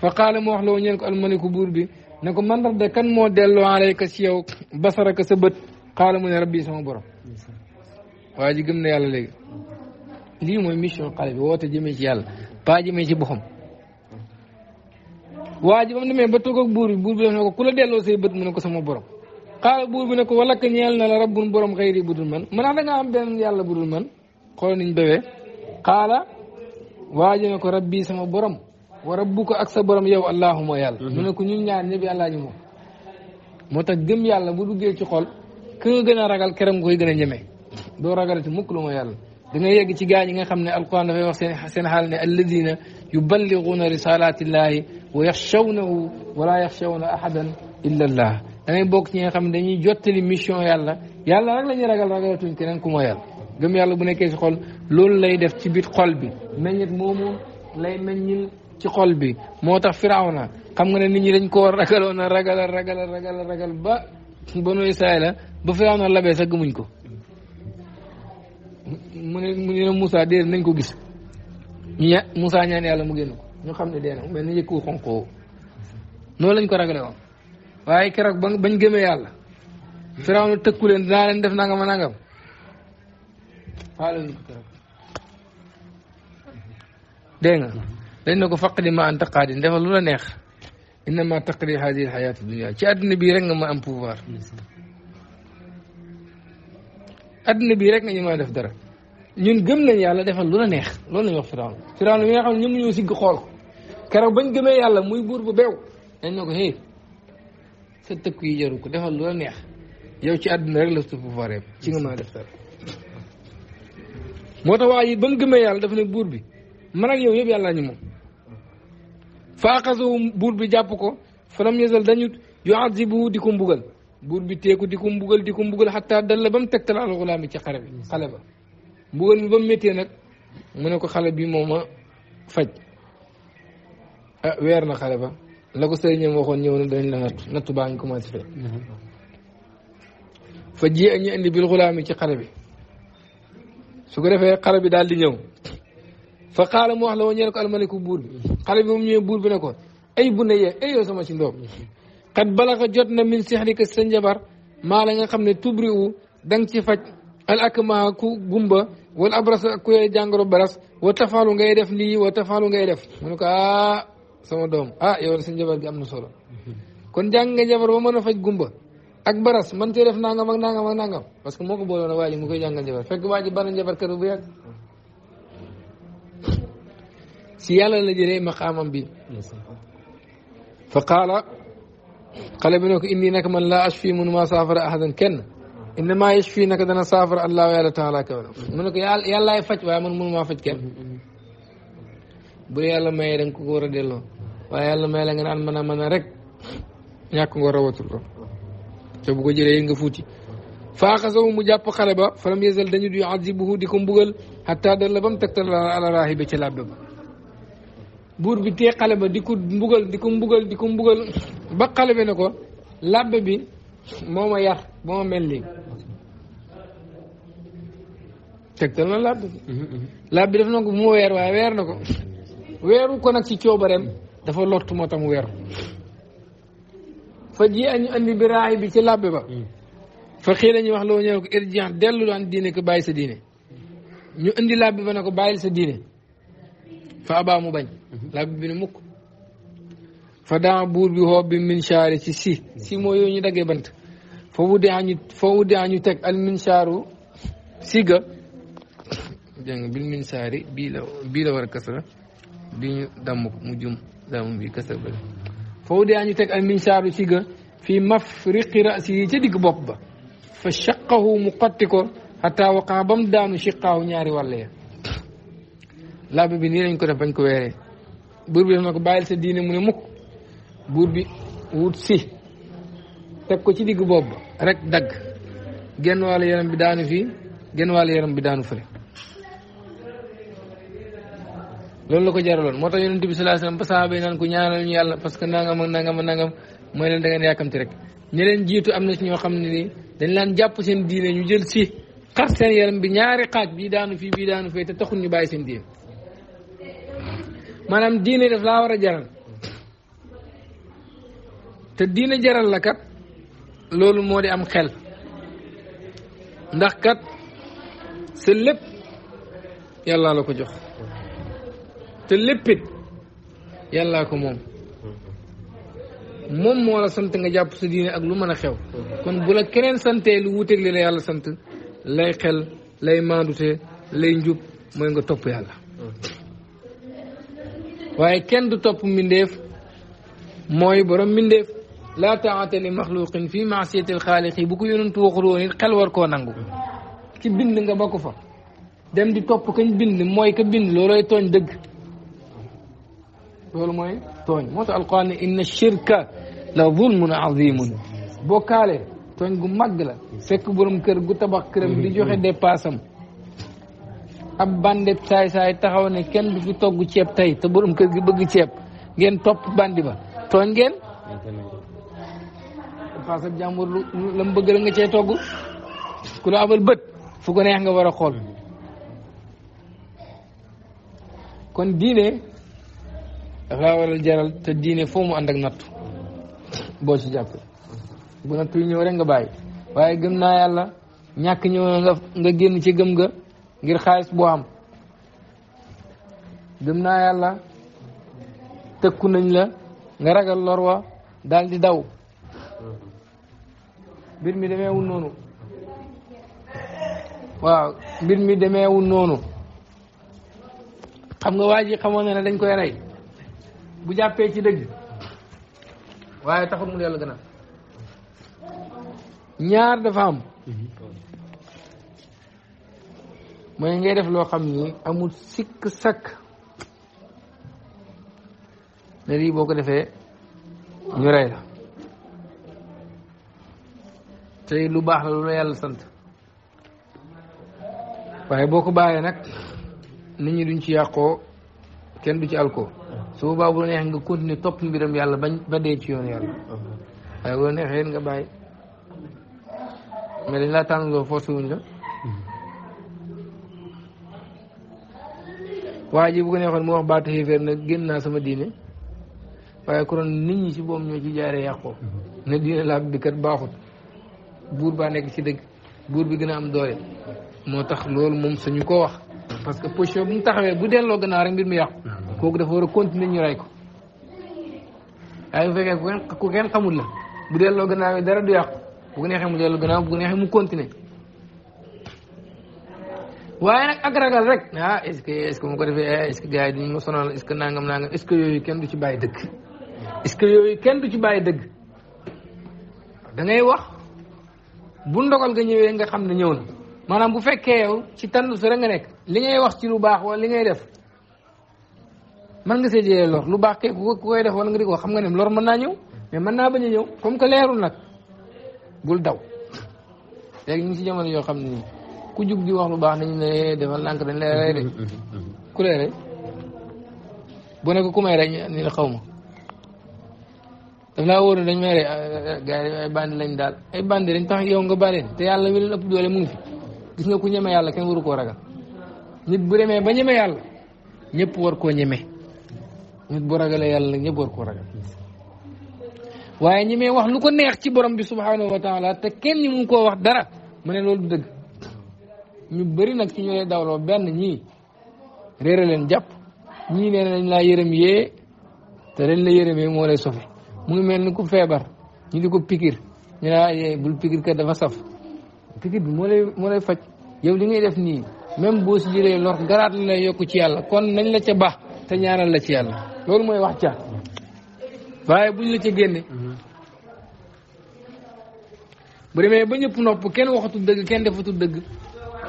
fa qaala mu wax loo ñeen ko almaliku buur bi ne ko man de kan moo delloo alayka si yow basaraka sa bët qaala mu ne rabbi sama borom waa ji gëm na yàlla léegi lii mooy mission xale bi woote jëmee ci yàlla pas jëmee ci boppam ji ba mu demee ba toog ne ko ku la delloo say bët mu ne ko sama borom xaala buur bi ne ko walakk ñeel na la rabbun borom xayri budul man mën naa da nga am benn man xool niñ bébee واجي نكو ربي سما بروم وربك اكسا بروم يو اللهم يال نكو نيم ñaar نبي الله ني مو موتاك گم يالا بو دوجي سي خول كو گنا راغال كرم كوي گنا نيمي دو راغال تي موك لوما يال دي نغي يگ سي گاني نغا خامني القران دا فاي وخ سين حسين حال ني الذين يبلغون رسالات الله ويخشونه ولا يخشون احدا الا الله دا نغي بوك ني خامني داني جوتلي ميشن يالا يالا رك لا ني راغال راغال تون كنن كوما يال gëm yàlla bu nekkee ci xol loolu lay def ci biir xol bi meññit moomu lay meññil ci xol bi moo tax na xam nga ne nit ñi dañ koo ragaloon a ragal ragal ragal ragal ba banu la ba na labee sax gëmuñ ko mu ne mu ne Moussa déer nañ ko gis ña Moussa ñaan yàlla mu génn ko ñu xam ne dee na mel ni yëkku xonqoo noonu lañ ko ragale woon waaye keroog ba bañ gëmee yàlla firawna tëkku leen dinaa leen def nangam a nangam faalo yi nga dañ ne ko faqdi ma anta qaadin defal lu la neex innama taqdi hadihi alxayaatu dunia ci àddina bii rek nga ma am pouvoir àddina bi rek nga ñu ma def dara ñun gëm nañ yàlla defal lu la neex loolu la ñuy wax Firawna Firawna mi nga xam ne sigg xool ko bañ bañ gëmee yàlla muy buur bu beew dañ ne ko hey sa tëkk yi jaru ko defal lu la neex yow ci àddina rek la sa pouvoir ci nga ma def moo tax waa ba mu gëmee yàlla dafa ne buur bi man ak yow yëpp yàlla ñu moom faaxasowu buur bi jàpp ko faram yësal dañu yuazibu di ko mbugal buur bi teeku di ko mbugal di ko mbugal xataa dal la ba mu tegtal alxulaam ci xare bi xale ba mbugal mi ba mu méttee nag mu ne ko xale bi moom ma faj ah weer na xale ba la ko sëriñam waxoon ñëw na dañ la nattu nattu baa ngi commencé fekk mm-hmm. fa ji ñu indi bil xulaam ci xale bi su ko defee xale bi daal di ñëw fa xaala mu wax la woo ñeen ko almaliku buur bi xale bi moom ñëwee buur bi ne ko ay bu ne yee ay yow sama ci ndoom xat balaxa jot na min sixrika sa njabar maa la nga xam ne tubri u da nga ci faj al ku gumba wala abras ku yore jàngoro baras wa tafaalu ngay def lii wa tafaalu ngay def mu ne ko ah sama doom ah yow sa njabar gi am na solo kon jàng nga njabar ba mën a faj gumba ak baras man cee def nangam ak nangam ak nangam parce que moo ko booloon a waa ji mu koy jàngal jabar fekk waa ji bana jabarkat bu yàgg si yàlla la jëlee maqaamam bi fa qaala xale bi ne ko indi nag man laa ashfi mun maa saafara ahadan kenn innama yashfi naka dana saafara allahu yàlla taala kawana mu ne ko yàlla yàllaay faj waaye man mënu maa faj kenn bu dee yàlla mayee da nga ko war a delloo waaye yàlla may la nga naan mën a mën a rek ñàkk nga rawatul ko te bu ko jëlee nga fuuti faaxasaw mu jàpp xale ba falam yezal dañu du azibuhu di ko mbugal xatta dalla bam tegtal ala raahiba ca labbe ba buur bi tee xale ba di ku mbugal di ko mbugal di ko mbugal ba xale bi ne ko labbe bi moo ma yar ba ma mel nii tegtal na labbe bi labbe bi def na ko bu ma weer waaye weer na ko weeru ko nag ci coobareem dafa lott moo tax mu weer fa ji añu andibi rahibi ci labbe ba hmm. fa xiila ñu wax loo ñëw ko irgent delluloo an diine ko bàyyi sa diine ñu indi labbe ba ne ko bàyyil sa diine fa abaa mu bañ hmm. labbe bi ne mukk fa daama buur bi hoo bi minchaari ci si hmm. si moo yooyu ñu daggee bant fa wudde añu fa wudde añu teg al minchaaru siga jàng bil minchaari bii la bii la war a kasara bi ñu damm ko mu jum damm bi kasar bale foofu de ñu teg al minisaaru si ga fii mafriqi rasi yi ca diggu bopp ba fa shaqahu mu xotti ko xataa waqaa ba mu daanu shiqaahu ñaari wàll ya laabe bi nii lañ ko def bañ ko weeree buur bi def na ko bàyyil sa diine mu ne mukk buur bi wut si teg ko ci diggu bopp ba rek dagg genn wàll yaram bi daanu fi genn wàll yaram bi daanu fële loolu la ko jaraloon moo tax yonent bi sallallahu alayhi wasallam ba sahaaba yi naan ko ñaanal ñu yàlla parce que nangam ak nangam ak nangam mooy leen da ngeen yàkkamti am na ci ñoo xam ne ni dañ jàpp seen diine ñu jël si xar bi ñaari xaaj bii daanu fii bii daanu fee te taxul ñu bàyyi seen diine maanaam laa war a jaral te diine jaral la kat loolu moo di am xel ndax kat sa lépp yàlla la ko jox te léppit yàllaa ko moom moom moo la sant nga jàpp sa diine ak lu mën a xew kon bu la keneen santee lu wuuteeg li la yàlla sant lay xel lay maandute lay njub mooy nga topp yàlla waaye kenn du topp mbindeef mooy borom mbindeef laa taa'ata li maxluqin fi maasiyati alxaaliqi bu ko yonentu waxul woon xel war koo nangu ci bind nga bokk fa dem di topp kañ bind mooy ka bind loolooy tooñ dëgg loolu mooy tooñ moo tax alquran ne inna shirka la zulmun azimun bokkaale tooñ gu màgg la fekk borom kër gu tabax këram di joxe mm-hmm. dépassam ab bande saay-saay taxaw ne kenn du fi togg ceeb tey te borom kër gi bëgg ceeb ngeen topp bandi ba tooñ ngeen dépasse ab jàmbur lu la bëgg la nga cee togg ku la abal bët fu ko neex nga war a xool daf waral war jaral te diine foo mu ànd ak nattu boo ci jàpp bu nattu yi ñëw rek nga bàyyi waaye gëm naa yàlla ñàkk ñëw nga génn ci gëm nga ngir xaalis boo am gëm naa yàlla tëkku nañ la nga ragal lor wa daal di daw mbir mi demeewul noonu waaw mbir mi demeewul noonu xam nga waa ji xamoon na ne dañ koy rey bu jàppee ci dëgg waaye taxul mu dellu gannaaw ñaar dafa am mooy ngay def loo xam ni amul sikk sakk ne lii boo ko defee ñu rey la tey lu baax la lu la yàlla sant waaye boo ko bàyyee nag nit ñi duñ ci yàqoo kenn du ci alko su boobaa bu neex nga continuer topp mbiram yàlla bañ ba dee ci yoon yàlla waaye bu neexee nga bàyyi mel dañ laa tànn force wuñ la waa ji bu ko neexoon mu wax baatu xéeféer nag génn naa sama diine waaye kon nit ñi ci boobu ñoo ci jaaree yàqoo na diine laa bi kat baaxut buur baa nekk ci dëgg buur bi gën a am doole moo tax loolu moom suñu ko wax parce que position bu mu taxawee bu delloo gannaaw rek mbir mi yàqu kooku dafa war ñu rey ko waaye bu fekkee ku kenn ku kenn la bu delloo gannaaw yi dara du yàqu bu ko neexee mu delloo gannaaw bu ko neexee mu continuer waaye nag ak ragal rek ah est-ce que est-ce que mu ko defee eh, est-ce yi dañu ma sonal est-ce que nangam nangam est yooyu kenn du ci bàyyi dëgg est que yooyu kenn du ci bàyyi dëgg da wax bu ndogal nga ñëwee nga xam ne ñëw na maanaam bu fekkee yow ci tànn su rek nga nekk li ngay wax ci lu baax wala li ngay def man nga see jëlee lor lu baax kay ku koy def wala nga di ko xam nga ne lor mën naa ñëw mais man naa bañ a ñëw comme que leerul nag bul daw léegi ngi ci jamono yoo xam ne nii ku jug di wax lu baax nañu ne defal lànk dañ lay rey de ku lay rey bu ne ko may rey ñu xaw ma daf laa wóor ne dañ may rey eh, gars ay bandi lañ daal ay bandi dañ tax yow nga bari te yàlla mi leen ëpp doole mu ngi fi gis nga ku ñeme yàlla kenn waru koo ragal nit bu demee ba ñeme yàlla ñépp war koo ñeme. nit yàlla nag ñëpp waaye ñi may wax lu ko neex ci borom bi subhanahu wa taala te kenn ñi mu koo wax dara mu ne loolu dëgg ñu bëri nag ci ñooy dawloo benn ñii réere leen jàpp ñii nee nañ laa yërëm yee te leen la yërëmee moo lay sofe mu ngi mel ni ku feebar ñu di ko pikir ñu laa ah yee bul pikir kat dafa saf pikir bi moo lay faj yow li ngay def nii même boo si jëlee lor garaat la lay ci yàlla kon nañ la ca baax te ñaanal la ci yàlla loolu mooy wax ca waaye buñ la ci génne bu demee ba ñëpp nopp kenn waxatul dëgg kenn defatul dëgg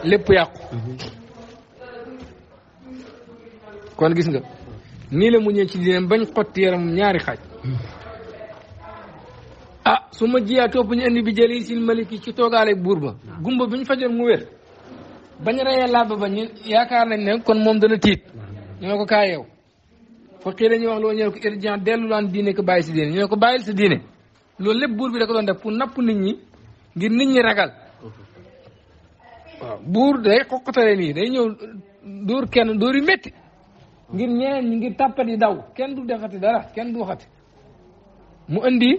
lépp yàqu kon gis nga nii la muñee ci diinam bañ xotti yaram ñaari xaaj ah su ma jiyaa topp ñu indi bi jëli sin maliki ci toogaale buur ba gumba bi ñu fajoon mu wér bañ reyee laab ba ñu yaakaar nañ ne kon moom dana tiit ñu ko kaa yow fa a dañuy wax loo ñëw ko irjian dellu laan diine ko bàyyi si diine ñu ko bàyyil sa diine loolu lépp buur bi da ko doon def pour napp nit ñi ngir nit ñi ragal waaw buur day xoqatale nii day ñëw dóor kenn dóor yi metti ngir ñeneen ñi ngir tàppat daw kenn du defati dara kenn du waxati mu indi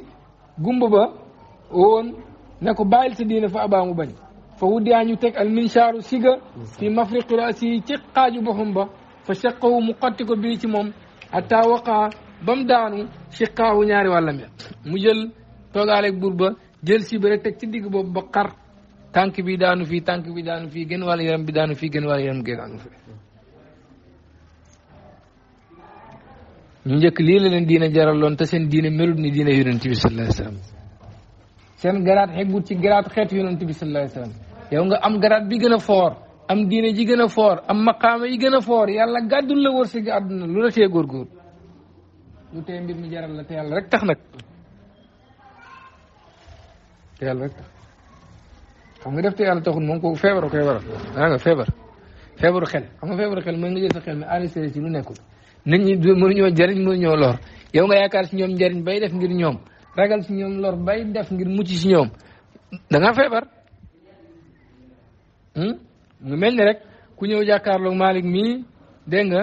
gumba ba woon ne ko bàyyil sa diine fa abaa mu bañ fa wuddiyaa ñu teg al minshaaru siga fi mafriqi raasi ci xaaju boppam ba fa shaqawu mu xotti ko bii ci moom atta waqaa ba mu daanu siqaawu ñaari wàllam ya mu jël toogaaleeg buur ba jël si ba rek teg ci digg boobu ba xar tànk bi daanu fii tànk bi daanu fii gën wàll yaram bi daanu fii gën wàll yaram gi daanu fii ñu njëkk lii la leen diina jaraloon te seen diina melut ni diina yonent bi sallallahu alayhi wasallam seen garaat xeggut ci garaat xeet yonent bi sallallahu alayhi wasallam yow nga am garaat bi gën a foor am diine ji gën a foor am maqaama yi gën a foor yàlla gàddul la wërsëg àdduna lu la tee góorgóor lu tee mbir mi jaral la te yàlla rek tax nag te yàlla rek tax xam nga def te yàlla taxul moom ko feebar koy waral daa nga feebar feebaru xel xam nga feebaru xel mooy nga jël sa xel mi enregistré ci lu nekkul nit ñi mënuñoo jëriñ mënuñoo lor yow nga yaakaar si ñoom njëriñ bay def ngir ñoom ragal si ñoom lor bay def ngir mucc si ñoom da mu mel ni rek ku ñëw jàkkaarloog Malick mii dégg nga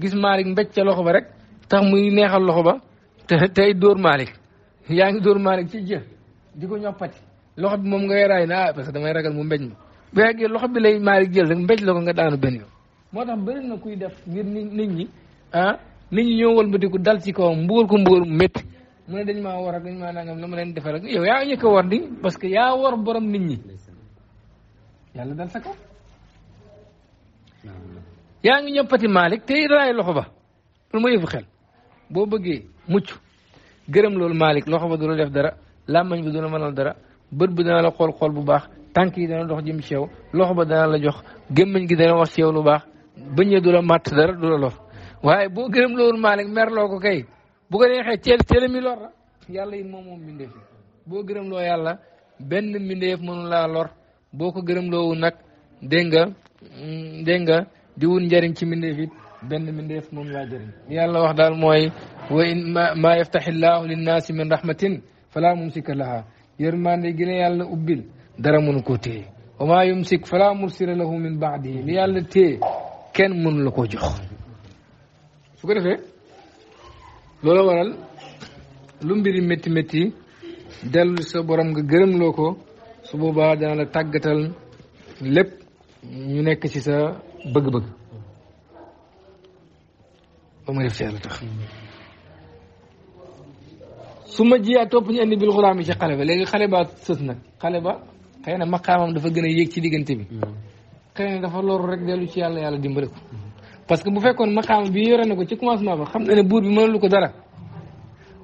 gis Malick mbécc ca loxo ba rek tax muy neexal loxo ba te tey dóor Malick yaa ngi dóor Malick ci jë di ko ñoppati loxo bi moom nga yaraay na ah, parce que damay ragal mu mbéj ma bu yàggee loxo bi lay Malick jël rek mbéj la ko nga daanu benn yoon moo tax bëri na kuy def ngir nit ñi ah nit ñi ñoo wëlbatiku dal ci kawam mbugal ko mbugal mu métti mu ne dañ ma war ak dañ maa nangam la ma leen defal ak yow yaa njëkk a war di parce que yaa war borom nit ñi yàlla sa yaa ngi ñëppati Malick tey raay loxo ba loolu mooy yëfu xel boo bëggee mucc gërëm loolu Malick loxo ba du la def dara làmmañ bi du la mënal dara bët bu dana la xool xool bu baax tànk yi dana dox jëm ci loxo ba dana la jox gémmiñ gi dana wax ci lu baax bëñee du la màtt dara du la lor waaye boo gërëm loolu Malick merloo ko kay bu ko neexee teel teel mi lor la yàlla it moom moom mbindeef boo gërëm loo yàlla benn mbindeef mënu laa lor boo ko gërëm loo nag dégg Mm, dégg nga di wut njëriñ ci mbindeef it benn moom laa jëriñ yàlla wax daal mooy wa in ma yaftahi llaahu linnaasi min rahmatin falaa mumsika laha yërmande gi yàlla ubbil dara mënu koo téye wa maa yumsik falaa mursila lahu min baadihi li yàlla téye kenn mënu la koo jox su lu mbiri métti métti dellu sa borom nga gërëm ko su boobaa la tàggatal lépp ñu nekk ci sa bëgg-bëgg ba ma def ci yàlla tax su ma jiyaa topp ñu indi bil xuraam yi ci xale ba léegi xale ba sës nag xale ba xëy na maqaamam dafa gën a yéeg ci diggante bi hmm. xëy dafa loru rek dellu ci yàlla yàlla dimbali ko parce que bu fekkoon maqaam bi yore na ko ci commencement ba xam na ne buur bi mënalu ko dara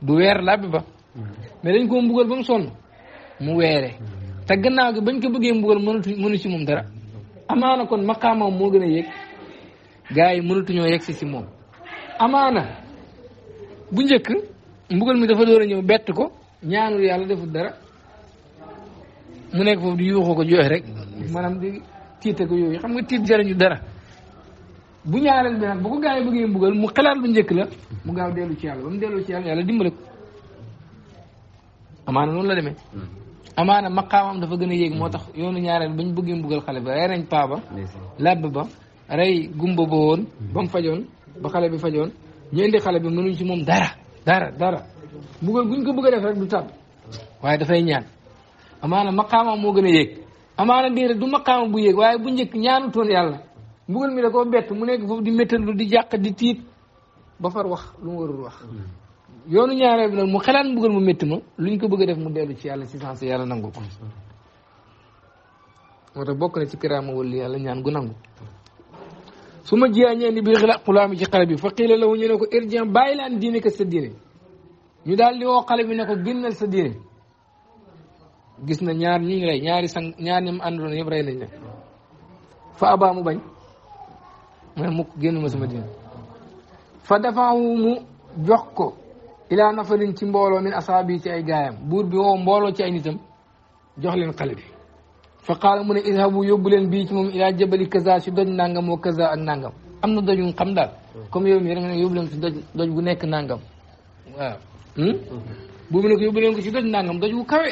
du weer làbbi ba hmm. mais dañ koo mbugal ba mu sonn mu weere hmm. te gannaaw gi bañ ko bëggee mbugal mënatu mënu ci moom dara amaana kon maqaamam moo gën a yëg gars yi mënatuñoo yegg si si moom amaana bu njëkk mbugal mi dafa door a ñëw bett ko ñaanul yàlla deful dara mu nekk foofu di yuuxoo ko jooy rek maanaam di tiite ko yooyu xam nga tiit jariñu dara bu ñaareel bi nag bu ko gars yi bëggee mbugal mu xalaat lu njëkk la mu gaaw dellu ci yàlla ba mu dellu ci yàlla yàlla dimbale ko amaana noonu la demee amaana maqaamam dafa gën a yéeg moo tax yoonu ñaareel ñu bëggee mbugal xale bi rey nañ paa ba làbb ba rey gumba ba woon ba fajoon ba xale bi fajoon ñu indi xale bi mënuñ ci moom dara dara dara mbugal ko bëgg a def rek du tàbb waaye dafay ñaan amaana maqaamam moo gën a yéeg amaana déedéet bu waaye bu njëkk ñaanu toon yàlla mbugal mi da koo bett mu nekk foofu di méttal lu di jàq di tiit ba far wax lu mu warul wax yoonu ñaareel bi nag mu xalaat mbugal mu métti ma luñ ko bëgg a def mu dellu ci yàlla ci sens yàlla nangu ko moo bokk na ci kiraama wala yàlla ñaan gu nangu su ma jiyaa ñeen ni bil xila xulaami ci xale bi fa xiila lahu ñu ne ko urgent bàyyi laan diine ka sa diine ñu daal di woo xale bi ne ko génnal sa diine gis na ñaar ñuñ rey ñaari sang ñaar ñi mu àndoon yëpp rey nañ ne fa abaa mu bañ mu ne mukk génn ma sama diine fa dafa mu jox ko ilaa nafarin ci mbooloo min asaabi ci ay gaayam buur bi woo mbooloo ci ay nitam jox leen xale bi fa qaala mu ne idhabu yóbbu leen bii ci moom ilaa jabali kaza si doj nangam wa kaza ak nangam am na doj yu xam daal comme yow mii da nga si doj doj bu nekk nangam waaw hmm? buubu ne ko yóbbu leen ko si doj nangam doj bu kawe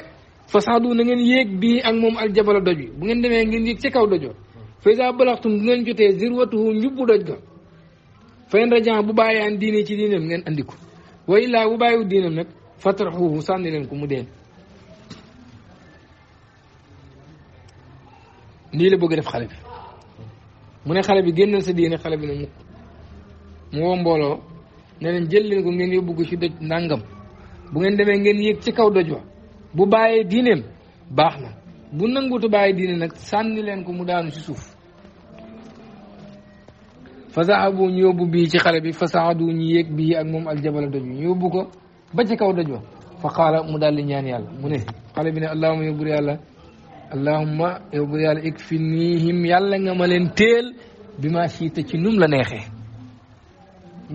fasaadu na ngeen yéeg bii ak moom aljabala doj bi bu ngeen demee ngeen yéeg ca kaw dojoo fa isa balaxtum bu ngeen jotee zirwatuhu njubbu doj ga fayen rajan bu bàyyaan diine ci diineem ngeen andi ko wa illaa bu bàyyiwul diinam nag fatraxuhu sànni leen ko mu dee nii la bëgg def xale bi mu ne xale bi génnal sa diine xale bi ne mukk mu woo mbooloo ne jël leen ko ngeen yóbbu ko ci doj nàngam bu ngeen demee ngeen yéeg ci kaw doj wa bu bàyyee diineem baax na bu nangutu bàyyi diine nag sànni leen ko mu daanu ci suuf fa zahabu ñu yóbbu bii ci xale bi fa saadu ñu yéeg bii ak moom aljabala doj ñu yóbbu ko ba ci kaw doj wa fa mu daal di ñaan yàlla mu ne xale bi ne allahuma yow bur yàlla allahuma yow yàlla nga ma leen teel bi ma siita ci num la neexee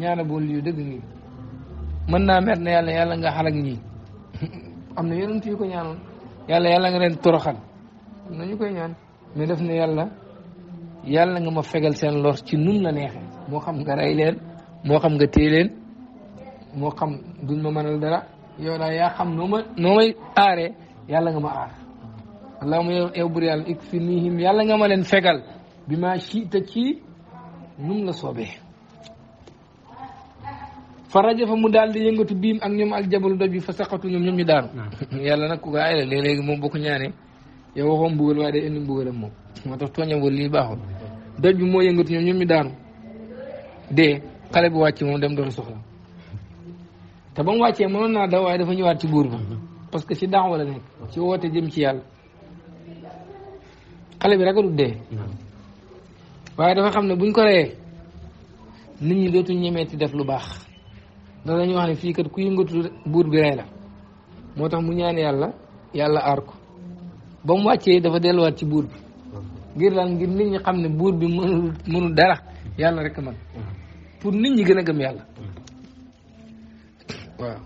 ñaana boon liyu dëgg ngi mën naa mer ne yàlla yàlla nga xalak ñii am na yàlla yàlla nga leen toroxal am ñu koy ñaan mais def ne yàlla yàlla nga ma fegal seen lor ci nun la neexee moo xam nga rey leen moo xam nga téye leen moo xam duñ ma mënal dara yow daal yaa xam noo ma noo may aaree yàlla nga ma aar allahuma yow yow bur yàlla ikfinihim yàlla nga ma leen fegal bi ma siita ci num la soobee fa rajo fa mu daal di yëngatu biim ak ñoom aljabalu doj bi fa saqatu ñoom ñoom ñu daanu yàlla nag ku ko aay la léeg-léegi moom boo ko ñaanee yow waxoon mbugal waaye day indi mbugalam moom moo tax tooñam wala lii baaxul doj bi moo yëngatu ñoom ñoom ñu daanu dee xale bi wàcc moom dem doon soxla te ba mu wàccee mënoon naa daw waaye dafa ñëwaat ci buur bi mhm. parce que ci daaw la nekk ci woote jëm ci yàlla xale bi ragalut dee mhm. waaye dafa xam ne buñ ko reyee nit ñi dootuñ ñemeeti def lu baax ndax dañuy wax ne fii kat ku yëngatu buur bi rey la moo tax mu ñaan yàlla yàlla aar ko ba mu wàccee dafa delluwaat ci buur bi ngir lan ngir nit ñi xam ne buur bi mënul mënul dara yàlla rek man pour nit ñi gën a gëm yàlla mm-hmm. waaw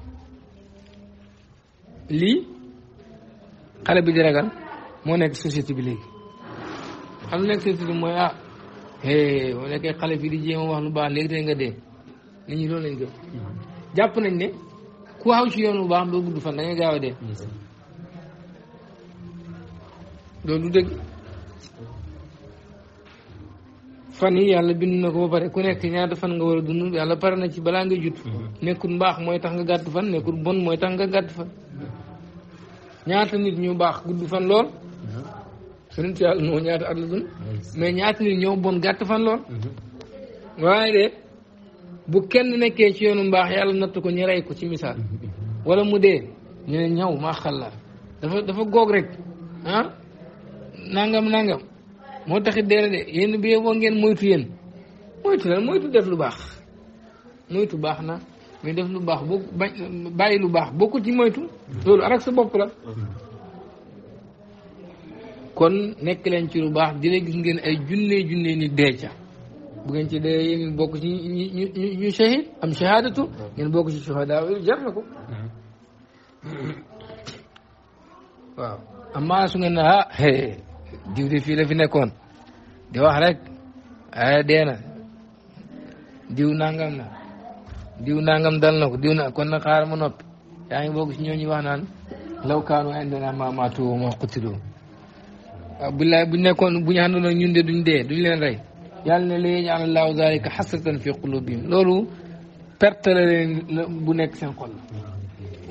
lii xale bi di ragal moo nekk société bi léegi xam nekk société bi mooy ah boo nekkee xale bi di jéem wax lu baax léegi tey nga dee nit ñi loolu lañ gëm mm-hmm. jàpp nañ ne ku waxaw ci yoon bu baax doo gudd fan da gaaw a dee loolu du dëgg fan yi yàlla bind na ko ba pare ku nekk ñaata fan nga war a dund yàlla pare na ci balaa nga jut mhm. nekkul mbaax mooy tax nga gàtt fan nekkul bon mooy tax nga gàtt fan ñaata nit ñu baax gudd fan lool sunu mhm. yàlla moo ñaata at la dund mhm. mais ñaata nit ñoo bon gàtt fan lool waaye de bu kenn nekkee ci yoonu mbaax yàlla natt ko ñu rey ko ci misaal wala mu dee ñu ne ñaw maa xalla dafa dafa goog rek ah nangam nangam moo taxit dee la de yéen bi boo ngeen moytu yéen moytu lan moytu def lu baax moytu baax na muy def lu baax boo bàyyi lu baax boo ko ci moytu loolu arak sa bopp la kon nekk leen ci lu baax di la gis ngeen ay junne junne ni dee ca bu ngeen ci dee yéen bokk ci ñu ñu ñu shahid am shahadatu ngeen bokk ci shuhada jar na ko mm-hmm. waaw amaa su ngeen ne ah diw di fii la fi nekkoon di wax rek ay dee na diw nangam na diw nangam dal na ko diw na kon nag xaar ma noppi yaa ngi bokk si ñooñu wax naan law kaanu indana ma maatu ma qutiloo bu la buñ nekkoon buñu àndoon ak ñun de duñ dee duñ leen rey yàlla ne la yaj'ala llaahu zaalika hasratan fi quluubihim loolu perte la leen bu nekk seen xol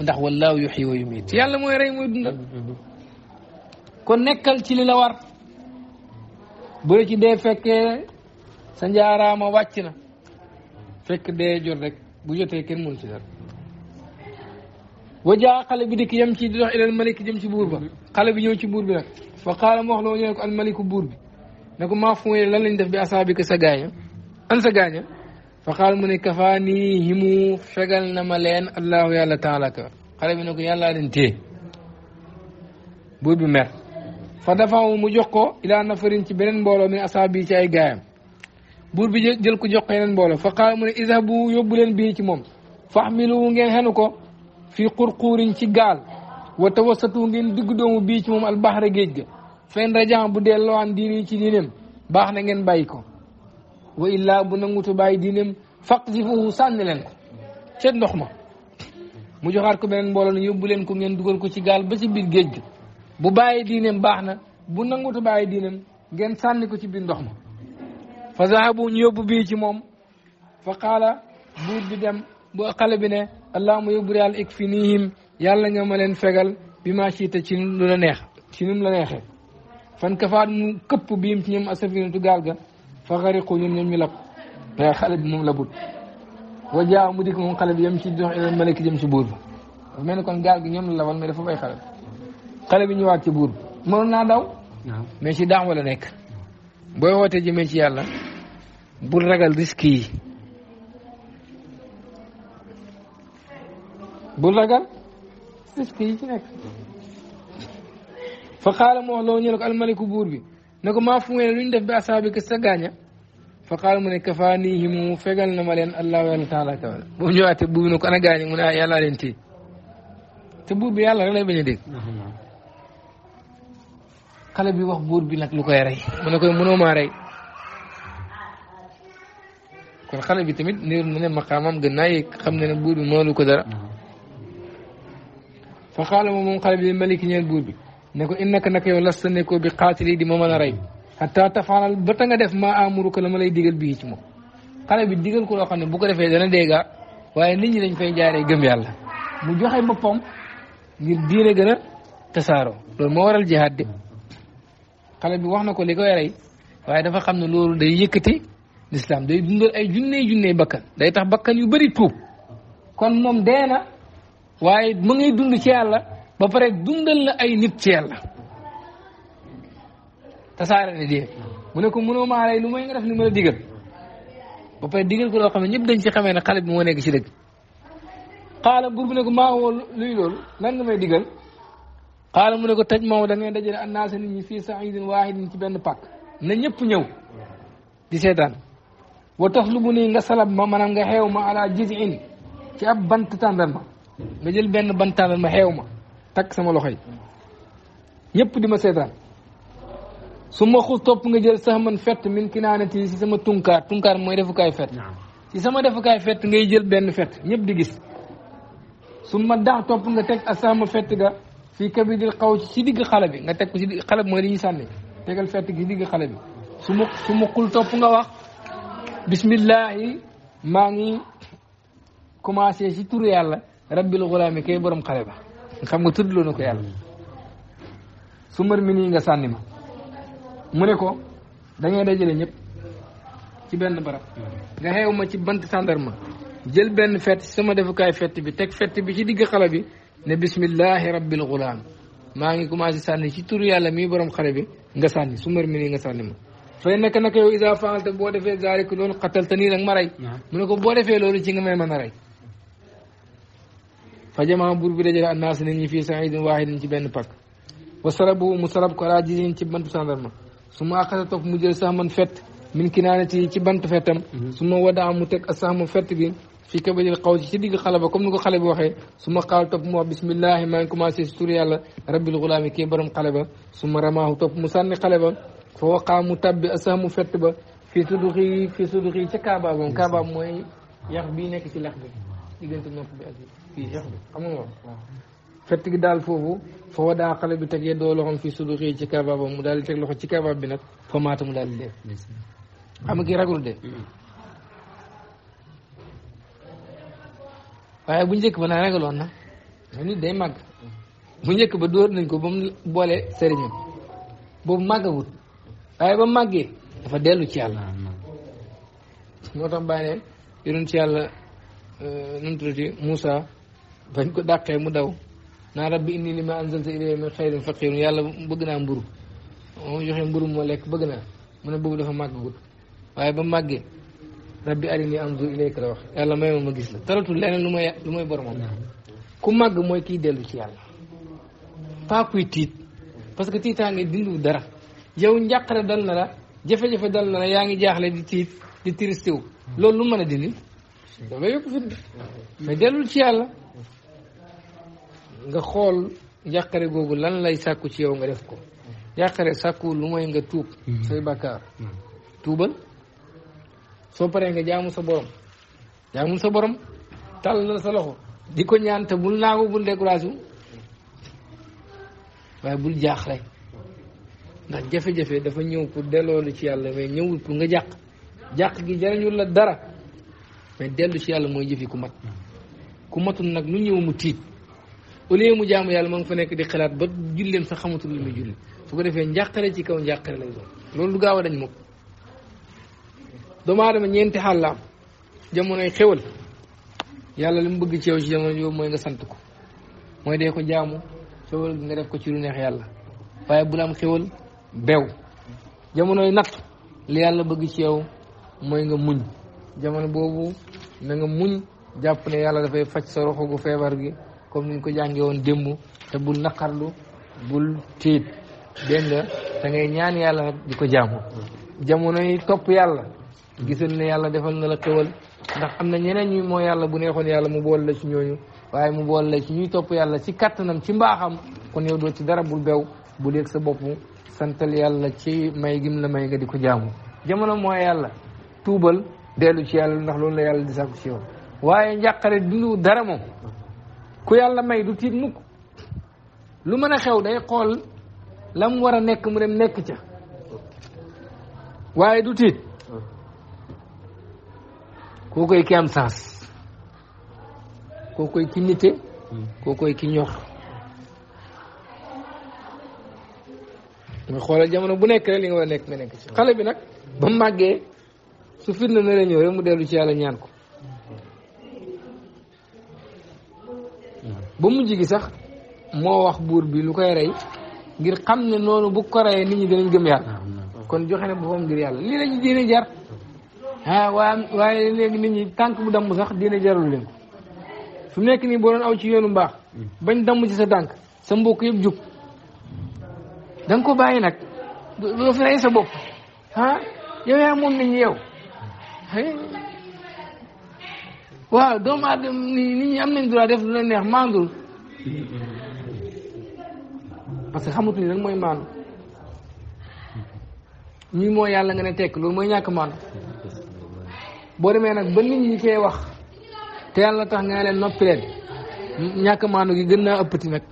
ndax wallaahu yuhyi wa yumiit yàlla mooy rey mooy dundal kon nekkal ci li la war bu la ci dee fekkee sa njaaraama wàcc na fekk dee jot rek bu jotee kenn mënu ci dara wajaa xale bi dikk yem ci di dox ilal malik jëm ci buur ba xale bi ñëw ci buur bi nag fa xaala mu wax loo ñëwee ko al buur bi ne ko maa fu lan lañ def bi asaabi ko sa gaaña an sa fa xaala mu ne kafaa nii himu fegal na ma leen allahu yàlla taala ka xale bi ne ko yàllaa leen téye buur bi mer fa dafa mu jox ko ilaa nafarin ci beneen mbooloo min asaabi ci ay gaayam buur bi jël ko jox ko yeneen mbooloo fa qaala mu ne izhabu yóbbu leen bii ci moom fahmilu ngeen xenu ko fii qurquurin ci gaal wa tawassatu ngeen diggu doomu bii ci moom albahra géej ga fen rajan bu delloo an diini ci diineem baax na ngeen bàyyi ko wa illaa bu nangutu bàyyi diineem faqzifuhu sànni leen ko ca ndox ma mu joxaat ko beneen mbooloo ne yóbbu leen ko ngeen dugal ko ci gaal ba ci biir géej ga bu bàyyi diineem baax na bu nangutu bàyyi diineem ngeen sànni ko ci biir ndox ma fa zahabu ñu yóbbu bii ci moom fa qaala buur bi dem bu xale bi ne allahuma yóbbu yàlla ikfinihim yàlla nga ma leen fegal bi ma siita ci lu la neex ci num la neexee fan kafaat mu këpp biim ci ñoom asafinatu gaal ga fa xariqu ñoom ñoom ñu lab waaye bi moom labut wa jaaw mu dikk moom xale bi yem ci dox ilal malik jëm ci buur ba dafa mel ni kon gaal gi ñoom la labal mais dafa bay xale xale bi ñëwaat ci buur bi mënoon naa daw mais ci daaw la nekk booy wootee jëmee ci yàlla bul ragal risque yi bul ragal risque yi ci nekk fa xaala mu wax loo buur bi ne ko maa def bi mu ne kafaa nii mu fegal na ma allahu yàlla taala kawal boo ñëwaatee buur bi ne ko ana gaaña mu ne ah, yàllaa leen téye te buur bi yàlla rek lay bañ a xale bi wax buur bi nag lu koy rey mu ne koy mënoo maa rey kon xale bi tamit niir na ne maqaamam gën naa yëg xam ne ne buur bi mënalu ko dara fa xaala moom moom xale bi maliki ñeen buur bi ne ko innaka naka yow lasta ne ko bi xaatili di ma mën a rey xataa tafaanal ba ta nga def maa amuru ko la ma lay digal bii ci moom xale bi digal ko loo xam ne bu ko defee dana déega waaye nit ñi dañ fay jaaree gëm yàlla mu joxe boppam ngir diine gën a tasaaroo loolu moo waral jihaad de xale bi wax na ko li koy rey waaye dafa xam ne loolu day yëkkati lislaam day dundal ay junney junney bakkan day tax bakkan yu bëri tuub kon moom dee na waaye mu ngay dund ci yàlla ba pare dundal na ay nit ci yàlla tasaare ne dee mu ne ko mënoo maa lu may nga def li ma la digal ba pare digal ko loo xam ne ñëpp dañ ci xamee ne xale bi moo nekk ci dëgg xaala buur bi ne ko maa luy loolu lan nga may digal xaala mu ne ko taj moom da ngeen dajale annaasa nit ñi fii saidin waahidin ci benn pàkk na ñëpp ñëw di seetaan wa tax lu mu nii nga salab ma maanaam nga xeew ma ala jizin ci ab bant tàndarma nga jël benn bant tàndarma xeew ma takk sama loxo yi ñëpp di ma seetaan su ma xus topp nga jël sax man fett min kinaanati si sama tunkaar tunkaar mooy defukaay fett ci sama defukaay fet ngay jël benn fet ñëpp di gis su ma dax topp nga teg ak sama fett ga fii kabidil xaw ci digg xale bi nga teg ko ci digg xale bi mooy li ñuy sànni tegal fett gi ci digg xale bi su mu su mu xul topp nga wax bismillahi maa ngi commencé ci tur yàlla rabbil xulaami kay borom xale ba xam nga tuddloo na ko yàlla su mër nga sànni ma mu ne ko da ngay dajale ñëpp ci benn barab nga xeew ma ci bant sàndarma jël benn fett sama defukaay fett bi teg fett bi ci digg xale bi ne bismillahi rabbil gulaam maa ngi commencé sànni ci turu yàlla mii borom xare bi nga sànni su mar mi nga sànni ma fay naka naka yow isa faalta boo defee zaalika loolu xatal te nii nag ma rey ko boo defee loolu ci nga may mën a rey fa jamaa buur bi dajale annaas nit ñi fii saidin waahidin ci benn pakk wa sarabu mu sarab ko alaa jisin ci bantu sandarma su ma axasa topp mu jël sax man fett min kinaanati ci bantu fettam mhm. su ma wadaa mu teg sax ma fett bi fi kabadil xaw si ci digg xalaba ba comme ni ko xale bi waxee su ma xaal topp mu wax ngi commencé ci tour yàlla rabbil ghulam ki borom xale ba su ma top topp mu sànni xale ba fa waqaa tabbi asamu fett ba fi suduxi fi suduxi ci kaaba bam kaaba moy yax bi nek ci lakh bi diggante nopp bi ak fi yax bi xam nga fet gi dal fofu fo wada xale bi teg yeddoo loxoom fii suduxi ci kaaba bam mu daal di loxo ci kaaba bi nak fo maata mu daal di dee xam nga ragul de waaye bu njëkk ba nag ragaloon na mais nit day màgg bu njëkk ba dóor nañ ko ba mu boole sëriñam boobu màggagut waaye ba màggee dafa dellu ci yàlla moo tax bàyyi ne yonent ci yàlla euh, mu ko dàqee mu daw naa rabbi inni li ma anzalta bëgg naa mburu moom joxe mburu moo lekk bëgg naa mu ne boobu dafa màggagut waaye ba màggee rabbi arini anzur ilayka gis la taratul leneen lu may lu may boromam ku màgg mooy kii dellu ci yàlla pas kuy tiit parce que tiitaange dindu dara yow njàqare dal na la jafe-jafe dal na la yaa ngi jaaxle di tiit di triste wu loolu lu mën a dindi danga yokk fit mais dellul ci yàlla nga xool njàqare googu lan lay sàkku ci yow nga def ko njàqare sàkku lu mooy nga tuub mm-hmm. say bàkkaar mm-hmm. tuubal soo paree nga jaamu sa borom jaamu sa borom na sa loxo di ko ñaan te bul naagu bul découragé waaye bul jaax rek ndax jafe-jafe dafa ñëw pour delloolu ci yàlla mais ñëwu pour nga jàq jàq gi jariñul la dara mais dellu ci yàlla mooy jëfi ku mat ku matul nag lu ñëw mu tiit au mu jaamu yàlla ma nga fa nekk di xalaat ba julleem sa xamatul lu muy julli su ko defee njàqare ci kaw njàqare lay loolu du gaaw a dañ mukk doomu aadama ñeenti xaal la jamonoy xéwal yàlla li mu bëgg ci yow ci jamono yooyu mooy nga sant ko mooy dee ko xewal xéwal nga def ko ci lu neex yàlla waaye bul am xewal bew jamonoy natt li yàlla bëgg ci yow mooy nga muñ jamono boobu na nga muñ jàpp ne yàlla dafay faj sa roxo gu feebar gi comme ni ñu ko jàngee woon démb te bul naqarlu bul tiit dégg nga da ñaan yàlla nag di ko jaamu jamonoy topp yàlla gisal ne yàlla defal na la xéwal ndax am na ñeneen ñuy moo yàlla bu neexoon yàlla mu bool la ci ñooñu waaye mu bool la ci ñuy topp yàlla ci kàttanam ci mbaaxam kon yow doo ci dara bul bew bu dégg sa bopp santal yàlla ci may gim la may nga di ko jaamu jamono moo yàlla tuubal dellu ci yàlla ndax loolu la yàlla di sàkku ci yow waaye njàqare dundu dara moom ku yàlla may du tiit mukk lu mën a xew day xool la mu war a nekk mu dem nekk ca waaye du kokoy ki am sens kokoy ki nité kokoy ki ñox nga xoolal jamono bu nekk rek li nga war a nekk nga nekk ci xale bi nag ba màggee su firnde na la ñëw rek mu dellu ci yàlla ñaan ko ba mujj gi sax moo wax buur bi lu koy rey ngir xam ne bu ko reyee nit ñi dinañ gëm yàlla kon joxe na boppam ngir yàlla lii la diine jar ah waaye waaye léegi nit ñi tànk bu damm sax dina jarul leen su nekk nii boo doon aw ci yoonu mbaax bañ damm ci sa dànk sa mbokk yëpp jub da ko bàyyi nag doo fi rey sa bopp ah yow yaa yow waaw doomu aadama nit am nañ droit def lu la neex maandul parce que xamatuñu lan mooy maandu ñii moo yàlla nga ne tekk loolu mooy ñàkk maandu boo demee nag ba nit ñi fee wax te yàlla tax nga leen noppi leen ñàkk maanu gi gën naa ëppati nag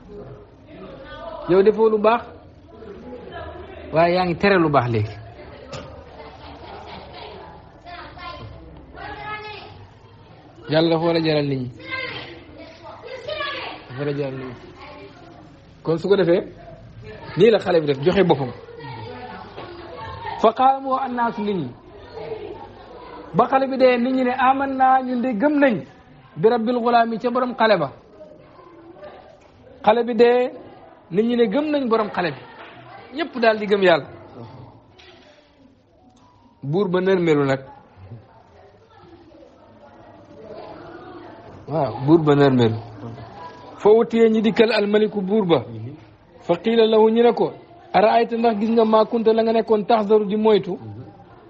yow defoo lu baax waaye yaa ngi tere lu baax léegi yàlla dafa war a jaral nit a jaral nit kon su ko defee nii la xale bi def joxe boppam fa qaala moo annaasu nit ba xale bi dee nit ñi ne aman naa ñun de gëm nañ bi rabbil gulaam ca borom xale ba xale bi dee ni ñi ne gëm nañ borom xale bi ñëpp daal di gëm yàlla buur ba nërmelu nag waaw buur ba ye fa di ñi dikkal almaliku buur ba fa qiila lahu ñu ne ko araayta ndax gis nga maa kunta la nga nekkoon taxdaru di moytu mhm.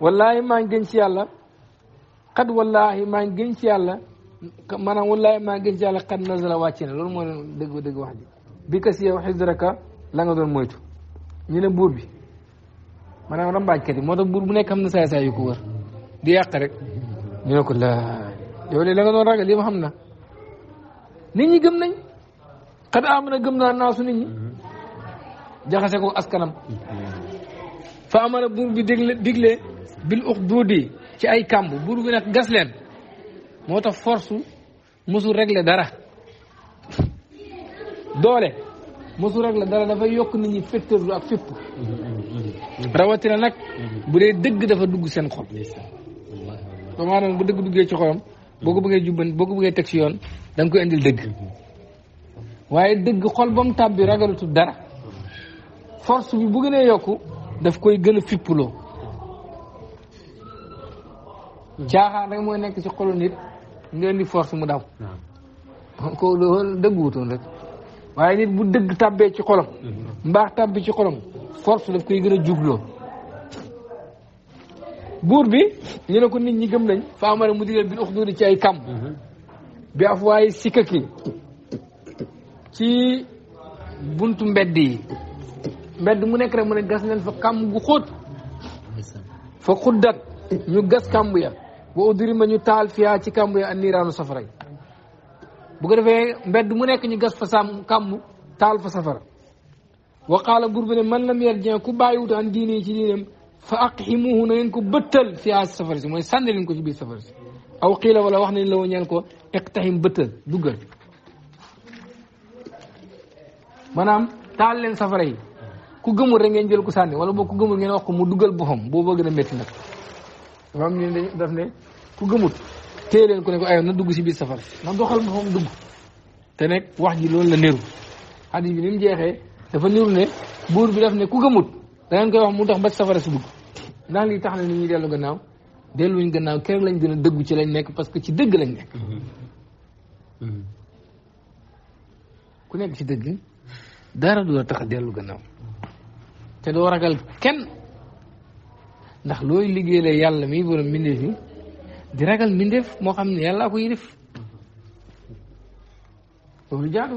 wallaahi maa ngi ci yàlla xat wallaahi maa ngi gën ci yàlla maanaam wallaahi maa ngi gën ci yàlla xat nazala wàcc na loolu moo doon dëgg dëgg wax ji bi ka si yow xidraka la nga doon moytu ñu ne buur bi maanaam rambaajkat yi moo tax buur bu nekk xam na saay saay yu ko wër di yàq rek ñu ne ko laa yow léegi la nga doon ragal li ma xam na nit ñi gëm nañ xat am na gëm naa naasu nit ñi jaxase ko askanam fa amara buur bi digle digle bil uxduudi ci ay kàmb buur gi nag gas leen moo tax force mosul régler dara doole mosul régler dara dafay yokk nit ñi féttërlu ak fépp rawatina nag bu dee dëgg dafa dugg seen xol doomu aadama bu dëgg duggee ci xolam boo ko bëggee jubban boo ko bëggee teg ci yoon danga koy indil dëgg waaye dëgg xol ba mu tàbbi ragalutul dara force bi bu gënee yokku daf koy gën a fippuloo caaxaan rek mooy nekk ci xolu nit nga indi force mu daw ko loolu dëgg wutoon rek waaye nit bu dëgg tàbbee ci xolam mhm. mbaax tàbbi ci xolom force daf koy gën a jugloo buur bi ñu ne ko nit ñi gëm nañ fa amara mu digal bil uxduudi ci ay kam mhm. bi af waaye sikkaki ci buntu mbedd yi mbedd mu nekk rek mu ne gas leen fa kam gu xóot fa xuddat ñu gas kamb ya wa udri ma ñu taal fiyaa ci kàmb ya an niiraanu bu ko defee mbedd mu nekk ñu gas fa sàmm kàmb taal fa safara wa qaala buur bi ne man lam yarjien ku bàyyiwut an diine yi ci diineem fa aqximuhu na ngeen ko bëttal fiyaa si safara si mooy sànni leen ko ci biir safara si aw xiila wala wax nañ la woon ñaan ko iqtaxim bëttal duggal maanaam taal leen safara yi ku gëmul rek ngeen jël ko sànni wala boo ku gëmul ngeen wax ko mu duggal boppam boo bëgg a métti nag dafa am ñu daf ku gëmut téye leen na dugg si biir safara na doxal ma dugg te nag wax ji loolu la niru bi ni jeexee dafa niru ne buur bi daf ne ku gëmut danañ mu dox ba safara si dugg lii tax na ni ñuy dellu gannaaw delluñ gannaaw lañ gën a dëggu ci lañ nekk parce que ci dëgg lañ mhm. Mhm. ku nekk ci dëgg du la tax a dellu gannaaw te doo ragal kenn ndax looy liggéey la yàlla mi borom mbindeef yi di ragal mbindeef moo xam ne yàllaa laa yilif loolu jaadu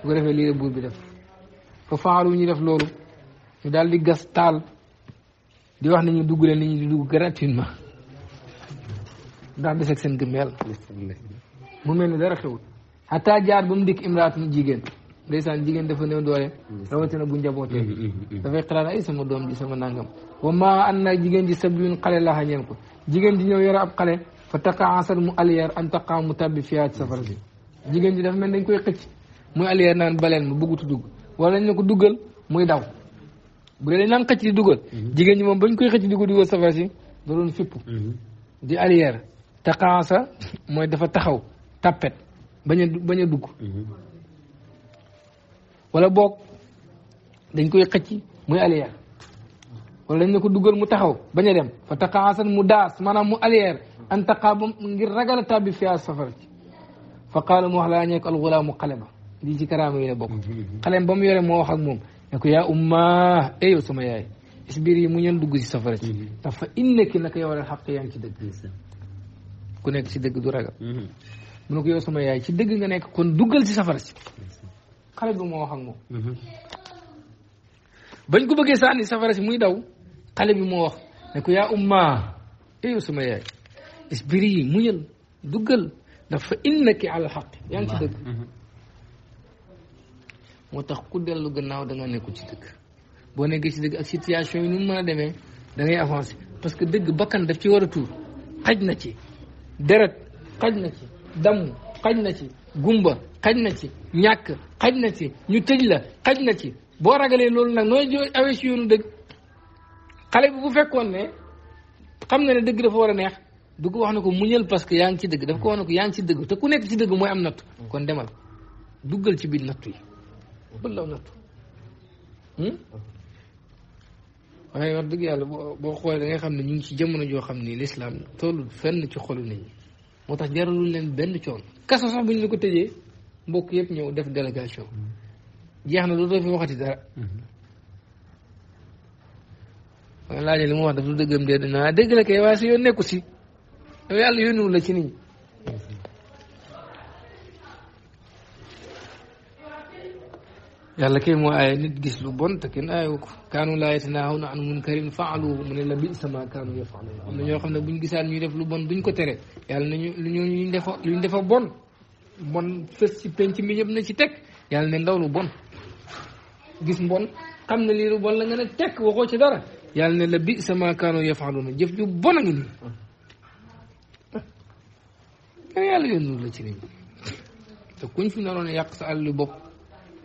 bu ko defee lii la buur bi def fa ñu def loolu ñu daal di gas taal di wax nañu dugg leen ni ñu di dugg gratuitement ndax des ak seen gëm mu mel ni dara xewul xataa jaar ba mu dikk imraatun jigéen ndeysaan Jigen dafa néew doole rawatina bu njabootee mm-hmm, mm-hmm, mm-hmm. dafay xalaat ay sama doom ji sama nangam wa maa an jigen jigéen ji sabiyun xale la ñeen ko jigen di ñëw yara ab xale fa taqa asar mu aliyar an taqa mu tabbi fiyaat safara si jigen ji dafa mel dañ koy xëcc muy alièr naan baleen ma bëggutu dugg wala dañ ko duggal muy daw bu dee di dugal jigéen ñi moom bañ koy xëcc di ko dugal safara si da doon fipp di alièr taqaasa mooy dafa taxaw tappet bañ a dugg wala boog dañ koy xëcc muy alière wala dañ ne ko dugal mu taxaw bañ dem fa taqaasan mu daas maanaam mu alière an taqaa ba ngir ragal a tàbbi fi safara ci fa qaala mu wax laa ñeeko alxulaamu xale ba lii ci karaama yi la bokk xalem ba mu yore moo wax ak moom ne ko yaa umma e yow sama yaay isbir yi mu ñeen dugg si safara ci ndax fa innaki naka yow la xaq yaa ci dëgg ku nekk ci dëgg du ragal mm-hmm. mu ko yow sama yaay ci dëgg nga nekk kon duggal ci safara xale bi moo wax ak moom. bañ ko bëggee sànni safara si muy daw xale bi moo wax ne ko yaa umma eh yow sama yaay isbiri yi muñal duggal dafa innaki ala xaq yaa ngi ci dëgg. Mhm. moo tax ku dellu gannaaw da nga nekkul ci dëgg boo nekkee ci dëgg ak situation yi nu mu mën a demee dangay ngay parce que dëgg bakkan daf ci war xaj na ci deret xaj na ci damm xaj na ci gumba xaj na ci ñàkk xaj na ci ñu tëj la xaj na ci boo ragalee loolu nag nooy jo awee si yoonu dëgg xale bi bu fekkoon ne xam na ne dëgg dafa war a neex du ko wax na ko muñal parce que yaa ngi ci dëgg dafa ko wax na ko yaa ngi ci dëgg te ku nekk ci dëgg mooy am nattu kon demal duggal ci biir nattu yi bëlaw nattu hmm? waaye wax dëgg yàlla boo boo xoolee da ngay xam ne ñu ngi ci jamono joo xam ni lislaam tollul fenn ci xolu nit moo tax jaralul leen benn coon kaso sax bu ñu la ko tëjee mbokk yëpp ñëw def délégation jeex na dootoo fi waxati dara waaye laaj li mu wax daf lu dëggam dee danaa dëgg la kay waaye sa yoon nekku si yow yàlla yónniwul la ci nit yàlla kay moo aaye nit gis lu bon te kenn aayewu ko kaanu laa yatanaahawna an munkarin faaluhu ne la bi sama kaanu yafaaluun na ñoo xam ne buñ gisaan ñuy def lu bon duñ ko tere yàlla nañu lu ñu luñ defa luñ defa bon bon ci penc mi ñëpp na ci teg yàlla ne ndaw lu bon mbon xam ne lu bon la nga ne ci dara yàlla ne la bi sama kaanu yafaaluuna jëf ju bon a ngi nii yàlla yónnu la ci nit te kuñ fi naroon yàq sa àll bopp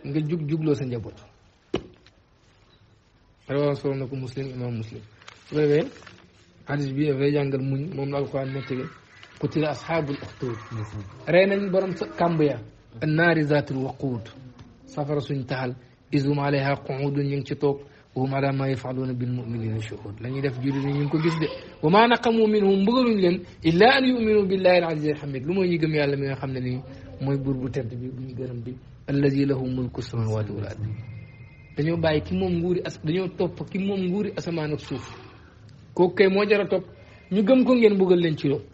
nga jug jugloo sa njaboot rawaam solo na ko muslim imam muslim su ko defee hadis bi dafay jàngal muñ moom la alquran nettali qutila ashabul uxtuud rey nañ borom sa kàmb ya annaari zaatul waquud safara suñ taxal isum alayha quudun ñu ngi ci toog wahum ala ma yafaluuna bil muminina shuhud la ñuy def jullit ñi ñu ngi ko gis de wa ma naqamu minhum mbëgaluñ leen illa an yuminu billahi al aziz al hamid lu mooy ñu gëm yàlla mi nga xam ne nii mooy buur bu tedd bi bu ñu gërëm bi allazi lahu mulku samawati wal ard dañoo bàyyi ki moom nguuri as dañoo topp ki moom nguuri asamaan ak suuf kooku kay moo jar a topp ñu gëm ko ngeen bëggal leen ci loolu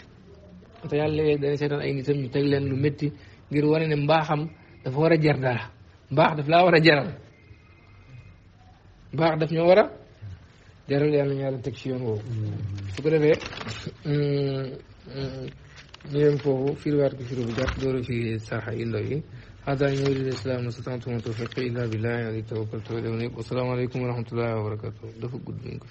te yàlla léeg-léeg dana seetaan ay nitam ñu teg leen lu métti ngir wane ne mbaaxam dafa war a jar dara mbaax daf laa war a jaral mbaax daf ñoo war a jaral yàlla ñu yàlla teg ci yoon woowu mm-hmm. su ko defee mm-hmm, mm-hmm, ñu yem foofu firiwaat ko firi bu gàtt door a firi saraxa yu ndaw yi هذا يريد الإسلام استطعت وما توفيقي إلا بالله عليه توكلت وإليه أنيب والسلام عليكم ورحمة الله وبركاته دفع قد منك